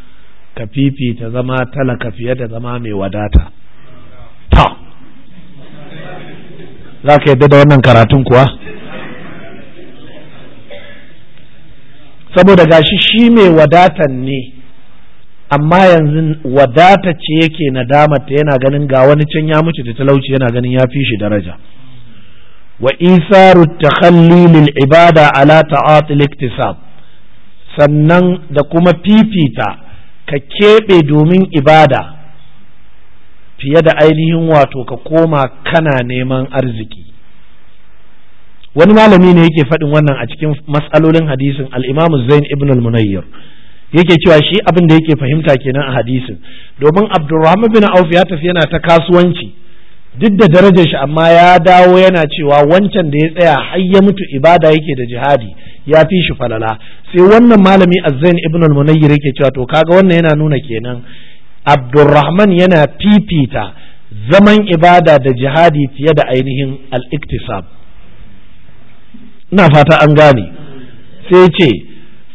ka fifita zama talaka fiye da zama mai wadata ta za ka yadda da wannan karatun kuwa saboda gashi shi mai wadatan ne amma yanzu wadata ce yake nadamata yana ganin ga wani can ya mutu da talauci yana ganin ya fi shi daraja wa isaru takhalli lil ibada ala ta'atil iktisab sannan da kuma fifita ka keɓe domin ibada fiye da ainihin wato ka koma kana neman arziki wani malami ne yake faɗin wannan a cikin matsalolin hadisin al'imamu zain ibn al-munayyar yake cewa shi abin da yake fahimta kenan a hadisin domin abdurrahman bin auf ya tafi yana ta kasuwanci duk da darajar shi amma ya dawo yana cewa wancan da ya tsaya har ya mutu ibada yake da jihadi ya fi shi falala sai wannan malami azzain ibn al-munayyir yake cewa to kaga wannan yana nuna kenan abdurrahman yana fifita zaman ibada da jihadi fiye da ainihin al-iktisab ina fata an gane sai ce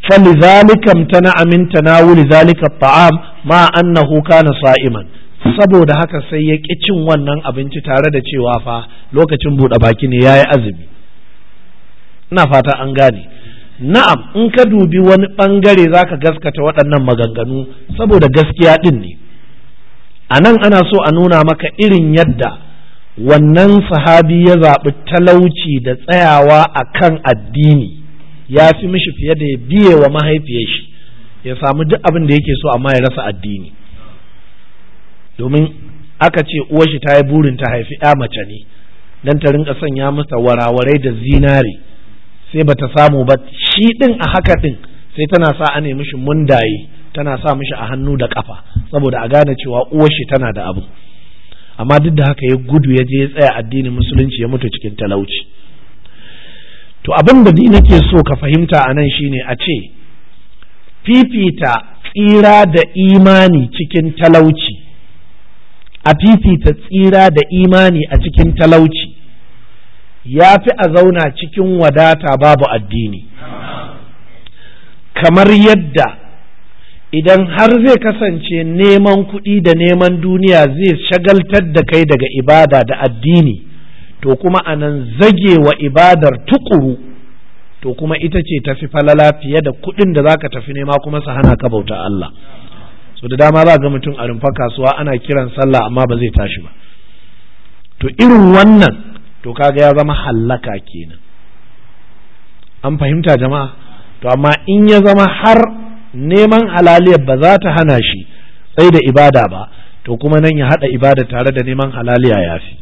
فلذلك mtana amin تناول zalika ta'am ma annahu kana sa'iman saboda haka sai ya ƙi cin wannan abinci tare da cewa fa lokacin buɗe baki ne ya yi azumi ina fata an gane na'am in ka dubi wani ɓangare za ka gaskata waɗannan maganganu saboda gaskiya ɗin ne a nan ana so a nuna maka irin yadda wannan sahabi ya zaɓi talauci da tsayawa a kan addini ya fi mishi fiye da ya biye wa mahaifiyar shi ya samu duk abin da yake so amma ya rasa addini domin aka ce uwarshi ta yi burin ta haifi ya mace ne don ta rinka sanya masa warawarai da zinari sai bata samu ba shi ɗin a haka ɗin sai tana sa a nemi shi mundaye tana sa mishi a hannu da kafa saboda a gane cewa uwarshi tana da abu amma duk da haka ya gudu ya je ya tsaya addinin musulunci ya mutu cikin talauci to abin da ni nake so ka fahimta a nan shine a ce fifita tsira da imani cikin talauci a fifita tsira da imani a cikin talauci ya fi a zauna cikin wadata babu addini kamar yadda idan har zai kasance neman kuɗi da neman duniya zai shagaltar da kai daga ibada da addini to kuma a nan zage wa ibadar tuƙuru, to kuma ita ce tafi falala fiye da kuɗin da zaka tafi nema kuma su hana ka bauta Allah so da dama za ga mutum a rumfa kasuwa ana kiran sallah amma ba zai tashi ba to irin wannan to kaga ya zama hallaka kenan an fahimta jama'a to amma in ya zama har neman halaliyar ba za ta hana shi sai da ibada ba to kuma nan ya hada ibada tare da neman halaliya ya fi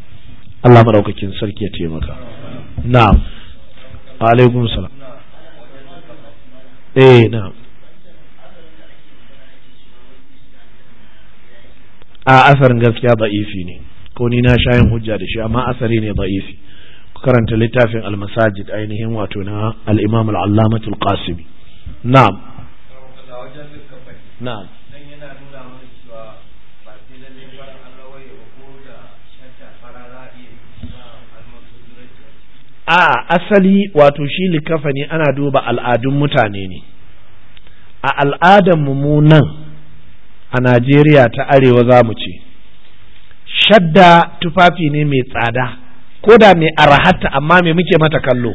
Allah maraukakin sarki ya taimaka na'am alaikum salam eh na'am a asarin gaskiya da'ifi ne ko ni na sha yin hujja da shi amma asari ne da'ifi ku karanta littafin almasajid ainihin wato na al'imam imam qasimi na'am na'am a asali wato shi ne, ana duba al'adun mutane ne a al'adan mu nan a najeriya ta arewa za mu ce shadda tufafi ne mai tsada ko da mai arahatta amma mai muke mata kallo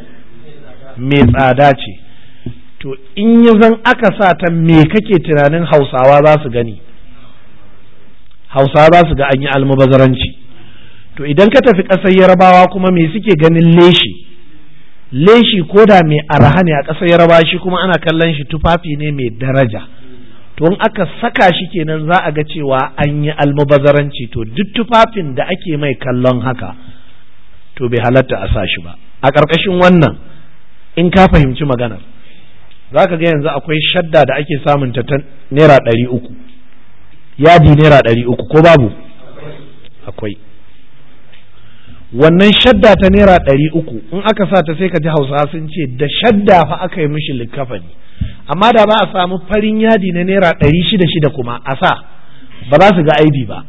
mai tsada ce to in yi zan aka sa ta me kake tunanin hausawa za su gani hausawa za su ga an yi almubazaranci to idan ka tafi ƙasar yarabawa kuma me suke ganin leshi leshi ko da mai araha ne a ƙasar yarabawa shi kuma ana kallon shi tufafi ne mai daraja to in aka saka shi kenan za a ga cewa an yi almubazaranci to duk tufafin da ake mai kallon haka to bai halatta a sa shi ba a ƙarƙashin wannan in ka fahimci maganar za ka ga yanzu akwai shadda da ake samun ta naira ɗari uku yadi naira ɗari uku ko babu akwai wannan shadda ta naira ɗari uku in aka sa ta sai ka ji hausa sun ce da shadda fa aka yi mishi ne amma da ba a samu farin yadi na naira ɗari shida shida kuma a sa ba za su ga aibi ba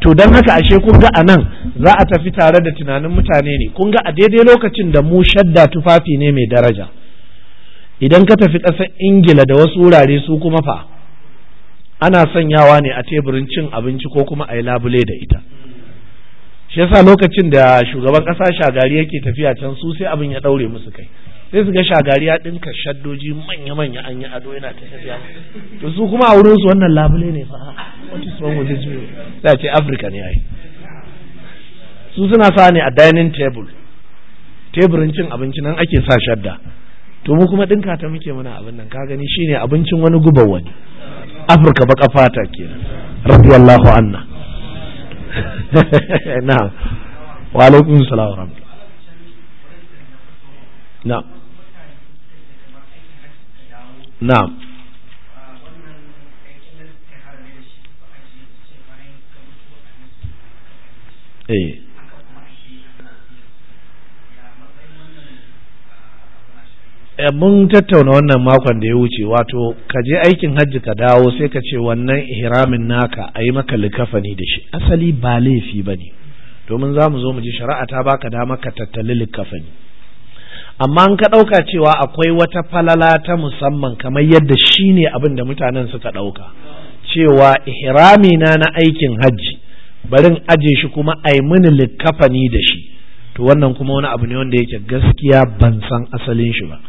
to don haka ashe kun ga a nan za a tafi tare da tunanin mutane ne kun ga a daidai lokacin da mu shadda tufafi ne mai daraja idan ka tafi ƙasar ingila da wasu wurare su kuma fa ana sanyawa ne a teburin cin abinci ko kuma a yi labule da ita shi yasa lokacin da shugaban kasa shagari yake tafiya can su sai abin ya daure musu kai sai su ga shagari ya dinka shaddoji manya manya an yi ado yana ta tafiya to su kuma a wurin su wannan labule ne fa what is wrong with this sai ce africa ne ai su suna sa ne a dining table teburin cin abinci nan ake sa shadda to mu kuma dinka ta muke muna abin nan ka gani shine abincin wani guban wani afirka baka fata kenan radiyallahu anna na'am wa alaikum salam wa rahmatullah na'am na'am eh. Eh, mun tattauna wannan makon da ya wuce wato ka je aikin hajji ka dawo sai ka ce wannan ihramin naka a yi maka likafani da shi asali ba laifi ba ne domin za mu zo mu ji shari'a ta baka dama ka tattali likafani amma an ka ɗauka cewa akwai wata falala ta musamman kamar yadda shi ne abin da mutanen suka ɗauka cewa ihrami na na aikin hajji barin aje shi kuma a yi mini likafani da shi to wannan kuma wani abu ne wanda yake gaskiya ban san asalin shi ba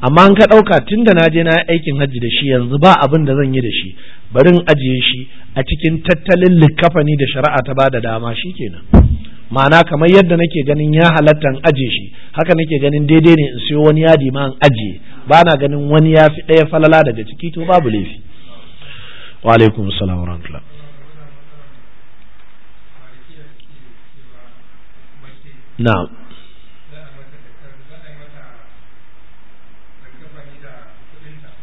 amma an ka ɗauka tun da na je na aikin hajji da shi yanzu ba abin da zan yi da shi bari in ajiye shi a cikin tattalin likafani da shari'a ta bada dama shi kenan ma'ana kamar yadda nake ganin ya halatta in ajiye shi haka nake ganin daidai ne in siyo wani yadi ma in ajiye ba na ganin wani ya fi ɗaya falala daga ciki to babu laifi wa alaikum salam wa na'am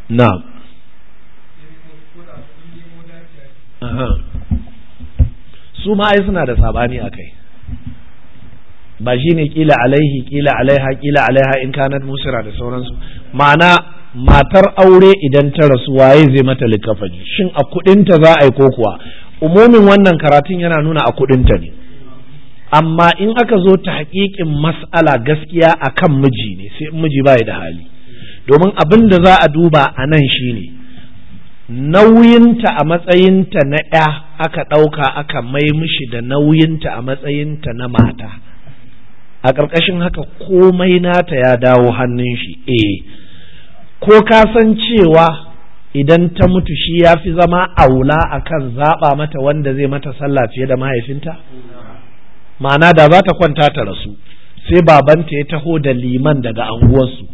na'am su ma ai suna da sabani a kai ba shi ne kila alaihi kila alaiha kila alaiha in kanat musira da sauransu ma'ana matar aure idan ta rasu waye zai mata likafani shin a kudinta za a yi ko kuwa umumin wannan karatun yana nuna a kudinta ne amma in aka zo ta haƙiƙin mas'ala gaskiya akan miji ne sai miji ba da hali domin abin da za a duba a nan shine nauyinta a matsayinta na ya aka ɗauka aka mai mishi da nauyinta a matsayinta na mata a ƙarƙashin haka komai nata ya dawo hannun shi eh ko ka san cewa idan ta mutu shi ya fi zama aula a kan zaɓa mata wanda zai mata sallah fiye da mahaifinta? Ma'ana da za ta kwanta ta rasu, sai babanta ya taho da liman daga anguwarsu,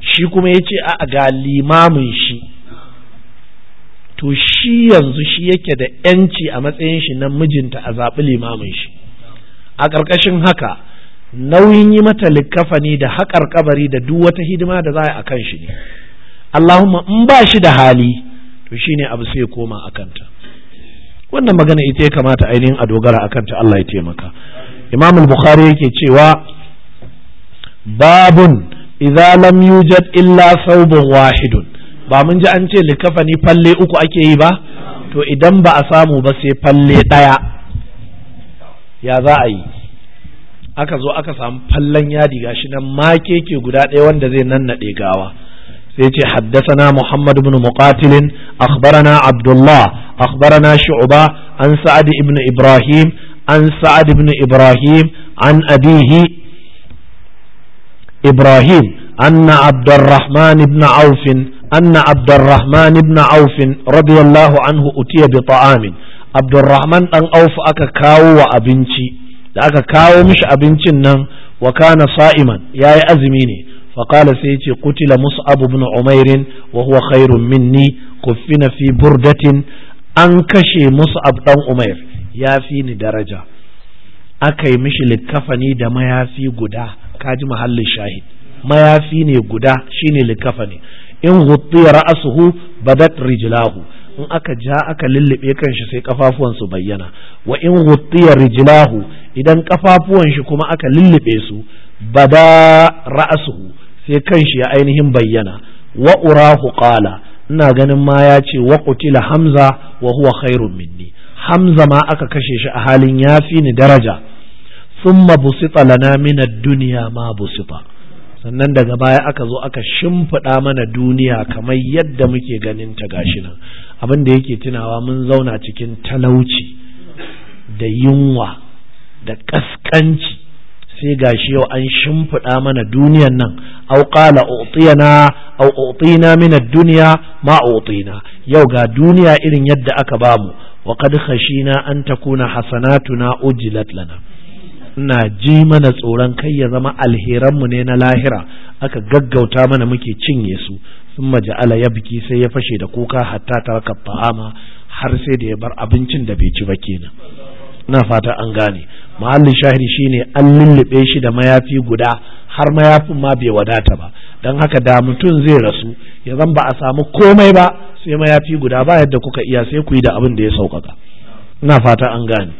shi kuma ya ce a ga limamin shi to shi yanzu shi yake da yanci a matsayin shi na mijinta a zaɓi limamin shi a ƙarƙashin haka nauyin yi mata likafani da haƙar kabari da duk wata hidima da za a kan shi ne Allahumma in ba shi da hali to shi ne abu sai koma a kanta wannan magana ita ya kamata ainihin a dogara a kanta Allah ya taimaka Imamul bukhari yake cewa babun idza lam yujad illa thawbun wahidun ba mun ji an ce likafani falle uku ake yi ba to idan ba a samu ba sai falle daya ya za a yi aka zo aka samu fallon yadi gashi nan make ke guda ɗaya wanda zai nannaɗe gawa sai ce haddasana Muhammad ibn Muqatilin akhbarana Abdullah akhbarana Shu'ba an Sa'ad ibn Ibrahim an Sa'ad ibn Ibrahim an abihi إبراهيم أن عبد الرحمن بن عوف أن عبد الرحمن بن عوف رضي الله عنه أتي بطعام عبد الرحمن أن أوف أكا كاو وأبنتي أكا كاو مش أبنتي وكان صائما يا أزميني فقال سيتي قتل مصعب بن عمير وهو خير مني كفن في بردة أنكشي مصعب بن عمير يا فيني درجة أكي مش للكفني دم يا في قداه kaji mahallin shahid mayafi ne guda shine likafa ne in huttiya ra'asuhu badat rijlahu in aka ja aka lullube kanshi sai kafafuwan su bayyana wa in huttiya rijlahu idan kafafuwan shi kuma aka lullube su bada ra'asuhu sai kanshi ya ainihin bayyana wa urahu qala ina ganin ma ya ce wa hamza wa huwa khairun minni hamza ma aka kashe shi a halin yafi ni daraja summa busita lana min dunya ma busita sannan daga baya aka zo aka shimfiɗa mana duniya kamar yadda muke ganin ta gashi nan abin da yake tunawa mun zauna cikin talauci da yunwa da ƙasƙanci sai gashi yau an shimfiɗa mana duniyan nan au qala utiyana au utina min dunya ma utina yau ga duniya irin yadda aka bamu wa qad khashina an takuna hasanatuna ujilat lana ina ji mana tsoron kai ya zama alheranmu ne na lahira aka gaggauta mana muke cinye su sun maja'ala ya biki sai ya fashe da kuka hatta tarka fahama har sai da ya bar abincin da bai ci ba kenan ina fata an gane mahallin shahiri shine an lullube shi da mayafi guda har mayafin ma bai wadata ba don haka da mutum zai rasu ya zan ba a samu komai ba sai mayafi guda ba yadda kuka iya sai ku yi da abin da ya sauƙaƙa ina fata an gane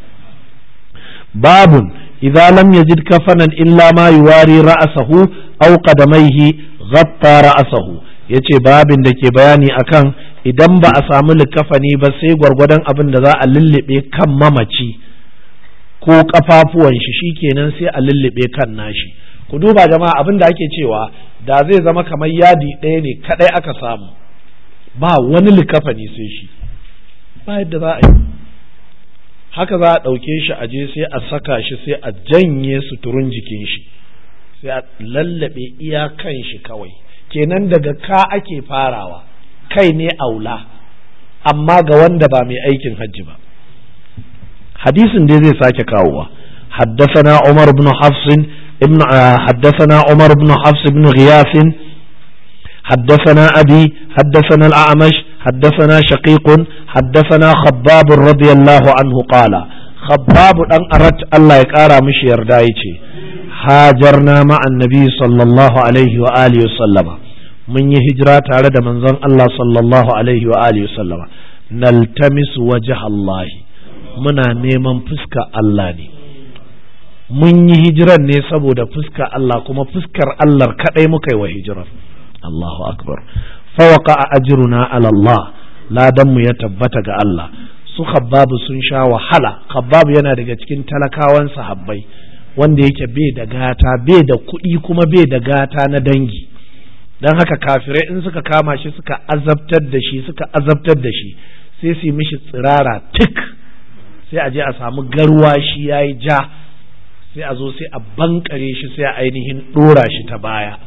babun idza lam yajid kafanan illa ma yuwari ra'sahu aw qadamaihi ghatta ra'asahu, yace babin da ke bayani akan idan ba a samu likafani ba sai gwargwadon abin da za a lullube kan mamaci ko kafafuwan shi shikenan sai a lullube kan nashi ku duba jama'a abin da ake cewa da zai zama kamar yadi ɗaya ne kadai aka samu ba wani likafani sai shi ba yadda za a yi haka za a ɗauke shi a je sai a saka shi sai a janye suturun jikin shi sai a lallaɓe iyakan shi kawai kenan daga ka ake farawa kai ne aula amma ga wanda ba mai aikin hajji ba hadisin dai zai sake kawowa Umar عمر بن حفص ابن Umar عمر بن حفص بن غياث حدثنا أبي حدثنا Amash. حدثنا شقيق حدثنا خباب رضي الله عنه قال خباب أن أردت الله يكارى مش يردايتي هاجرنا مع النبي صلى الله عليه وآله وسلم من يهجرات على من ظن الله صلى الله عليه وآله وسلم نلتمس وجه الله منا نيمان فسك الله ني mun yi hijiran ne saboda fuskar Allah kuma fuskar Allah kaɗai muka yi wa hijirar Allahu akbar fawaka a ajiruna alallah ladanmu ya tabbata ga Allah su khabbabu sun sha wahala khabbabu yana daga cikin talakawan sahabbai wanda yake bai da gata bai da kuɗi kuma bai da gata na dangi dan haka kafirai in suka kama shi suka azabtar da shi suka azabtar da shi sai su yi mishi tsirara tik sai a je a samu garwa shi yayi ja sai a zo sai a bankare shi sai a ainihin ɗora shi ta baya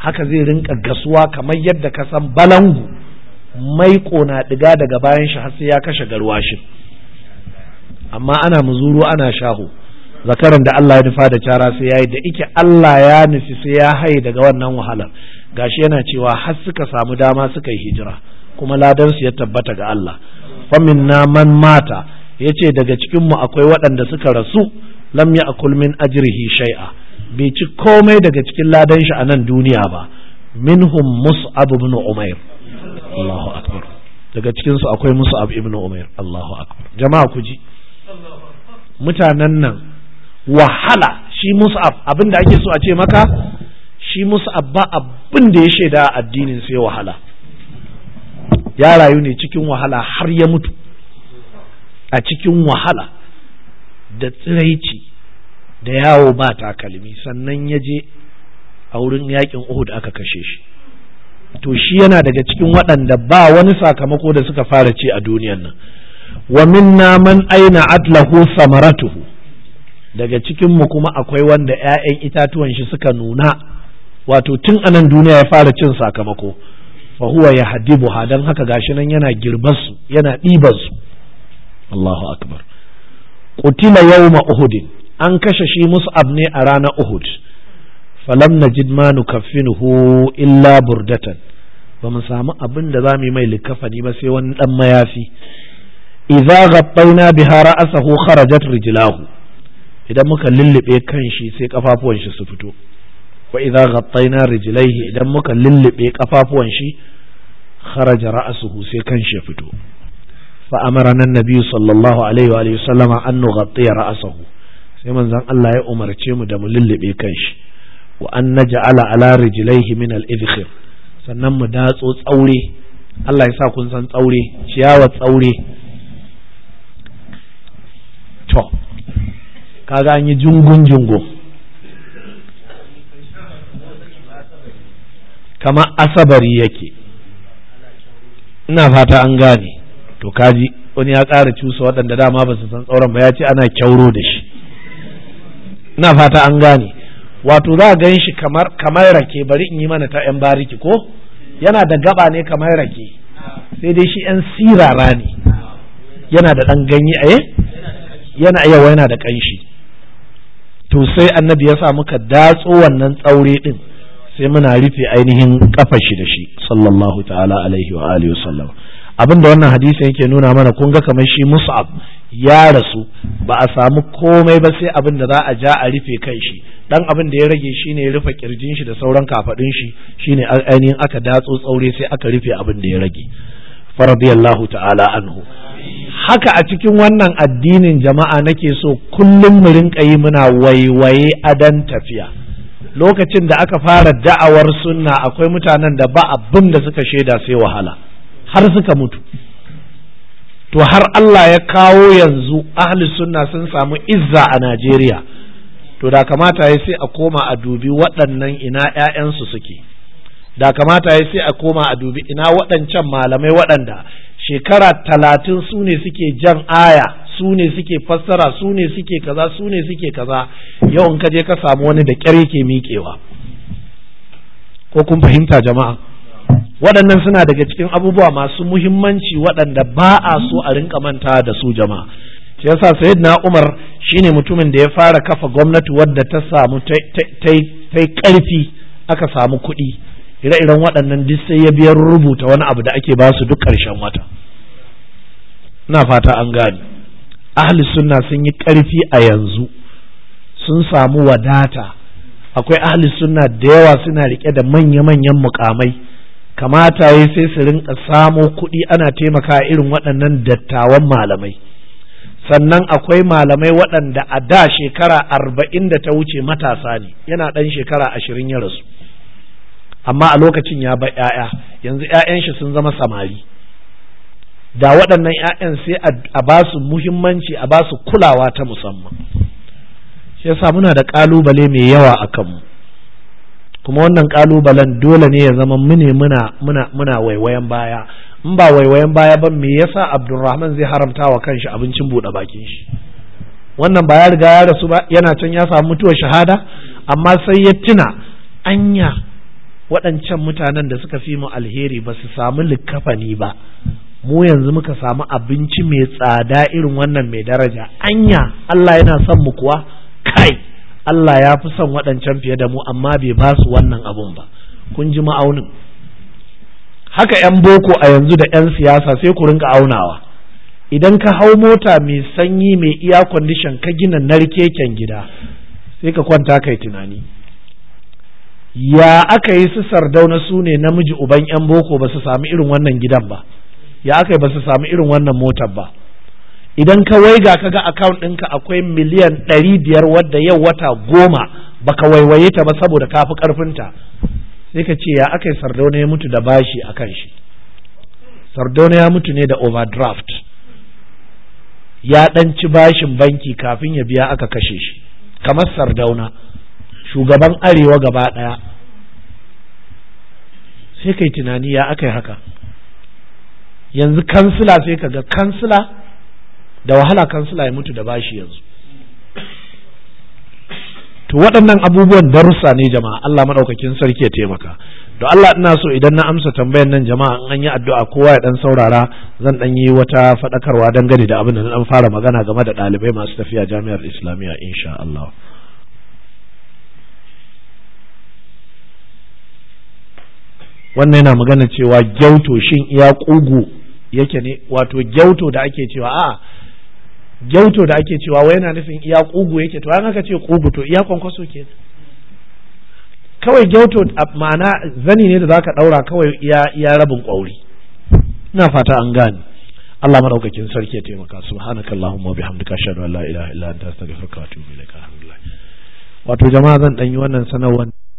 haka zai rinka gasuwa kamar yadda ka san balangu mai kona diga daga bayan shi har sai ya kashe garwashin amma ana muzuru ana shaho zakaran da Allah ya nufa da cara sai yayi da ike Allah ya nufi sai ya haye daga wannan wahalar gashi yana cewa har suka samu dama suka yi hijira kuma ladan su ya tabbata ga Allah famin man mata yace daga cikin mu akwai waɗanda suka rasu lam ya'kul min ajrihi shay'a bai ci komai daga cikin ladan shi a nan duniya ba minhum mus'ab ibn umair Allahu akbar daga cikin su akwai mus'ab ibn umair Allahu akbar jama'a ku ji mutanen nan wahala shi mus'ab abinda ake so a ce maka shi mus'ab ba abin da ya shaida addinin sai wahala ya rayu ne cikin wahala har ya mutu a cikin wahala da tsiraici da yawo ba takalmi sannan ya je a wurin yakin uhud aka kashe shi to shi yana daga cikin waɗanda ba wani sakamako da suka fara ci a duniyan nan wa minna man aina atlahu samaratuhu daga cikin mu kuma akwai wanda ƴaƴan itatuwan shi suka nuna wato tun anan duniya ya fara cin sakamako fa huwa yahdibuha dan haka gashi nan yana girbar yana ɗiban su Allahu akbar qutila yawma uhudin an kashe shi mus'ab ne a ranar uhud falam najid ma nukaffinuhu illa burdatan ba mu samu abin da za mu yi mai likafani ba sai wani dan mayafi idza ghabbaina biha ra'sahu kharajat rijlahu idan muka lullube kan shi sai kafafuwan shi su fito wa idza ghabbaina rijlaihi idan muka lullube kafafuwan shi kharaja ra'suhu sai kan shi ya fito fa amarna an-nabi sallallahu alaihi wa alihi an nughattiya ra'sahu sai manzon Allah ya umarce mu da mu lullube kanshi wa an naj'ala ala rijlaihi min al-idkhir sannan mu datso tsaure Allah ya sa kun san tsaure ciyawa tsaure to kaga an yi jungun jungo kamar asabari yake ina fata an gane to kaji wani ya ƙara cusa waɗanda dama ba su san tsauran ba ya ce ana kyauro da shi ina fata an gane wato za a gan shi kamar kamar rake bari in yi mana ta yan bariki ko yana da gaba ne kamar rake sai dai shi yan sirara ne yana da ɗan ganye a eh? yana yawa yana da ƙanshi to sai annabi ya sa muka datso wannan tsaure ɗin sai muna rufe ainihin kafa shi da shi sallallahu ta'ala alaihi wa alihi abinda wannan hadisi yake nuna mana kun ga kamar shi mus'ab ya rasu ba a samu komai ba sai abin da za a ja a rufe kan shi dan abin da ya rage shine ya rufe kirjin shi da sauran kafadun shi shine ainihin aka datso tsaure sai aka rufe abin da ya rage faradiyallahu ta'ala anhu haka a cikin wannan addinin jama'a nake so kullum mu rinka yi muna waiwaye adan tafiya lokacin da aka fara da'awar sunna akwai mutanen da ba abin da suka shaida sai wahala har suka mutu to har Allah ya kawo yanzu ahli sunna sun samu izza a Najeriya to da kamata ya sai a koma a dubi waɗannan ina ‘ya'yansu suke da kamata ya sai a koma a dubi ina waɗancan malamai waɗanda shekara talatin su ne suke jan aya su ne suke fassara su ne suke kaza su ne suke kaza yau in ka je ka samu wani da ƙyar yake miƙewa ko kun fahimta jama'a waɗannan suna daga cikin abubuwa masu muhimmanci waɗanda ba a so a rinka manta da su jama'a shi yasa sayyidina umar shine mutumin da ya fara kafa gwamnati wadda ta samu ta karfi aka samu kuɗi ire-iren waɗannan duk sai ya biyar rubuta wani abu da ake basu duk ƙarshen wata ina fata an gane ahli sunna sun yi ƙarfi a yanzu sun samu wadata akwai ahli sunna da yawa suna riƙe da manya-manyan mukamai kamata ya sai su rinka samo kuɗi ana taimaka irin waɗannan dattawan malamai sannan akwai malamai waɗanda a da shekara arba'in da ta wuce matasa ne yana ɗan shekara ashirin ya rasu amma a lokacin ya bar ‘ya'ya yanzu ‘ya'yan shi sun zama samari da waɗannan ‘ya'yan sai a ba su muhimmanci a ba su kulawa ta musamman shi yasa muna da ƙalubale mai yawa a kanmu kuma wannan kalubalen dole ne ya zama mune muna muna waiwayan baya in ba waiwayan baya ba me yasa Abdulrahman zai haramta wa kanshi abincin bude bakin shi wannan ba ya riga ya rasu ba yana can ya samu mutuwar shahada amma sai ya tuna anya waɗancan mutanen da suka fi mu alheri ba su samu likafani ba mu yanzu muka samu abinci mai tsada irin wannan mai daraja anya Allah yana son mu kuwa kai Allah ya fi son waɗancan fiye da mu amma bai ba su wannan abun ba kun ji ma'aunin haka 'yan boko a yanzu da 'yan siyasa sai ku rinka aunawa idan ka hau mota mai sanyi mai iya kwandishan ka gina narkeken gida sai ka kwanta kai tunani ya aka yi su sardauna su ne namiji uban 'yan boko ba su sami irin wannan gidan ba ya aka yi ba su sami irin wannan motar ba idan ka waiga ka ga account ɗinka akwai miliyan ɗari biyar wadda yau wata goma baka waiwaye ta ba saboda ka fi ƙarfinta sai ka ce ya aka yi sardauna ya mutu da bashi a kan shi sardauna ya mutu ne da overdraft ya ɗan ci bashin banki kafin ya biya aka kashe shi kamar sardauna shugaban arewa gaba ɗaya sai kai tunani ya aka yi haka yanzu kansila sai ka ga kansila da wahala kansila ya mutu da bashi yanzu to waɗannan abubuwan darussa ne jama'a Allah maɗaukakin sarki ya taimaka to Allah ina so idan na amsa tambayan nan jama'a in an yi addu'a kowa ya dan saurara zan dan yi wata faɗakarwa dangane da abin da na dan fara magana game da ɗalibai masu tafiya jami'ar Islamiyya insha Allah wannan yana magana cewa gyauto shin iya kugu yake ne wato gyauto da ake cewa a'a. gyauto da ake cewa wai yana nufin iya kugu yake to an aka ce kugu to iya kwankwaso ke kawai gyauto ma'ana zani ne da za ka ɗaura kawai iya rabin ƙwauri ina fata an gane Allah madaukakin sarki ya taimaka subhanaka wa bihamdika ashhadu an la ilaha illa anta astaghfiruka wa atubu ilaik alhamdulillah wato jama'a zan ɗan yi wannan sanarwar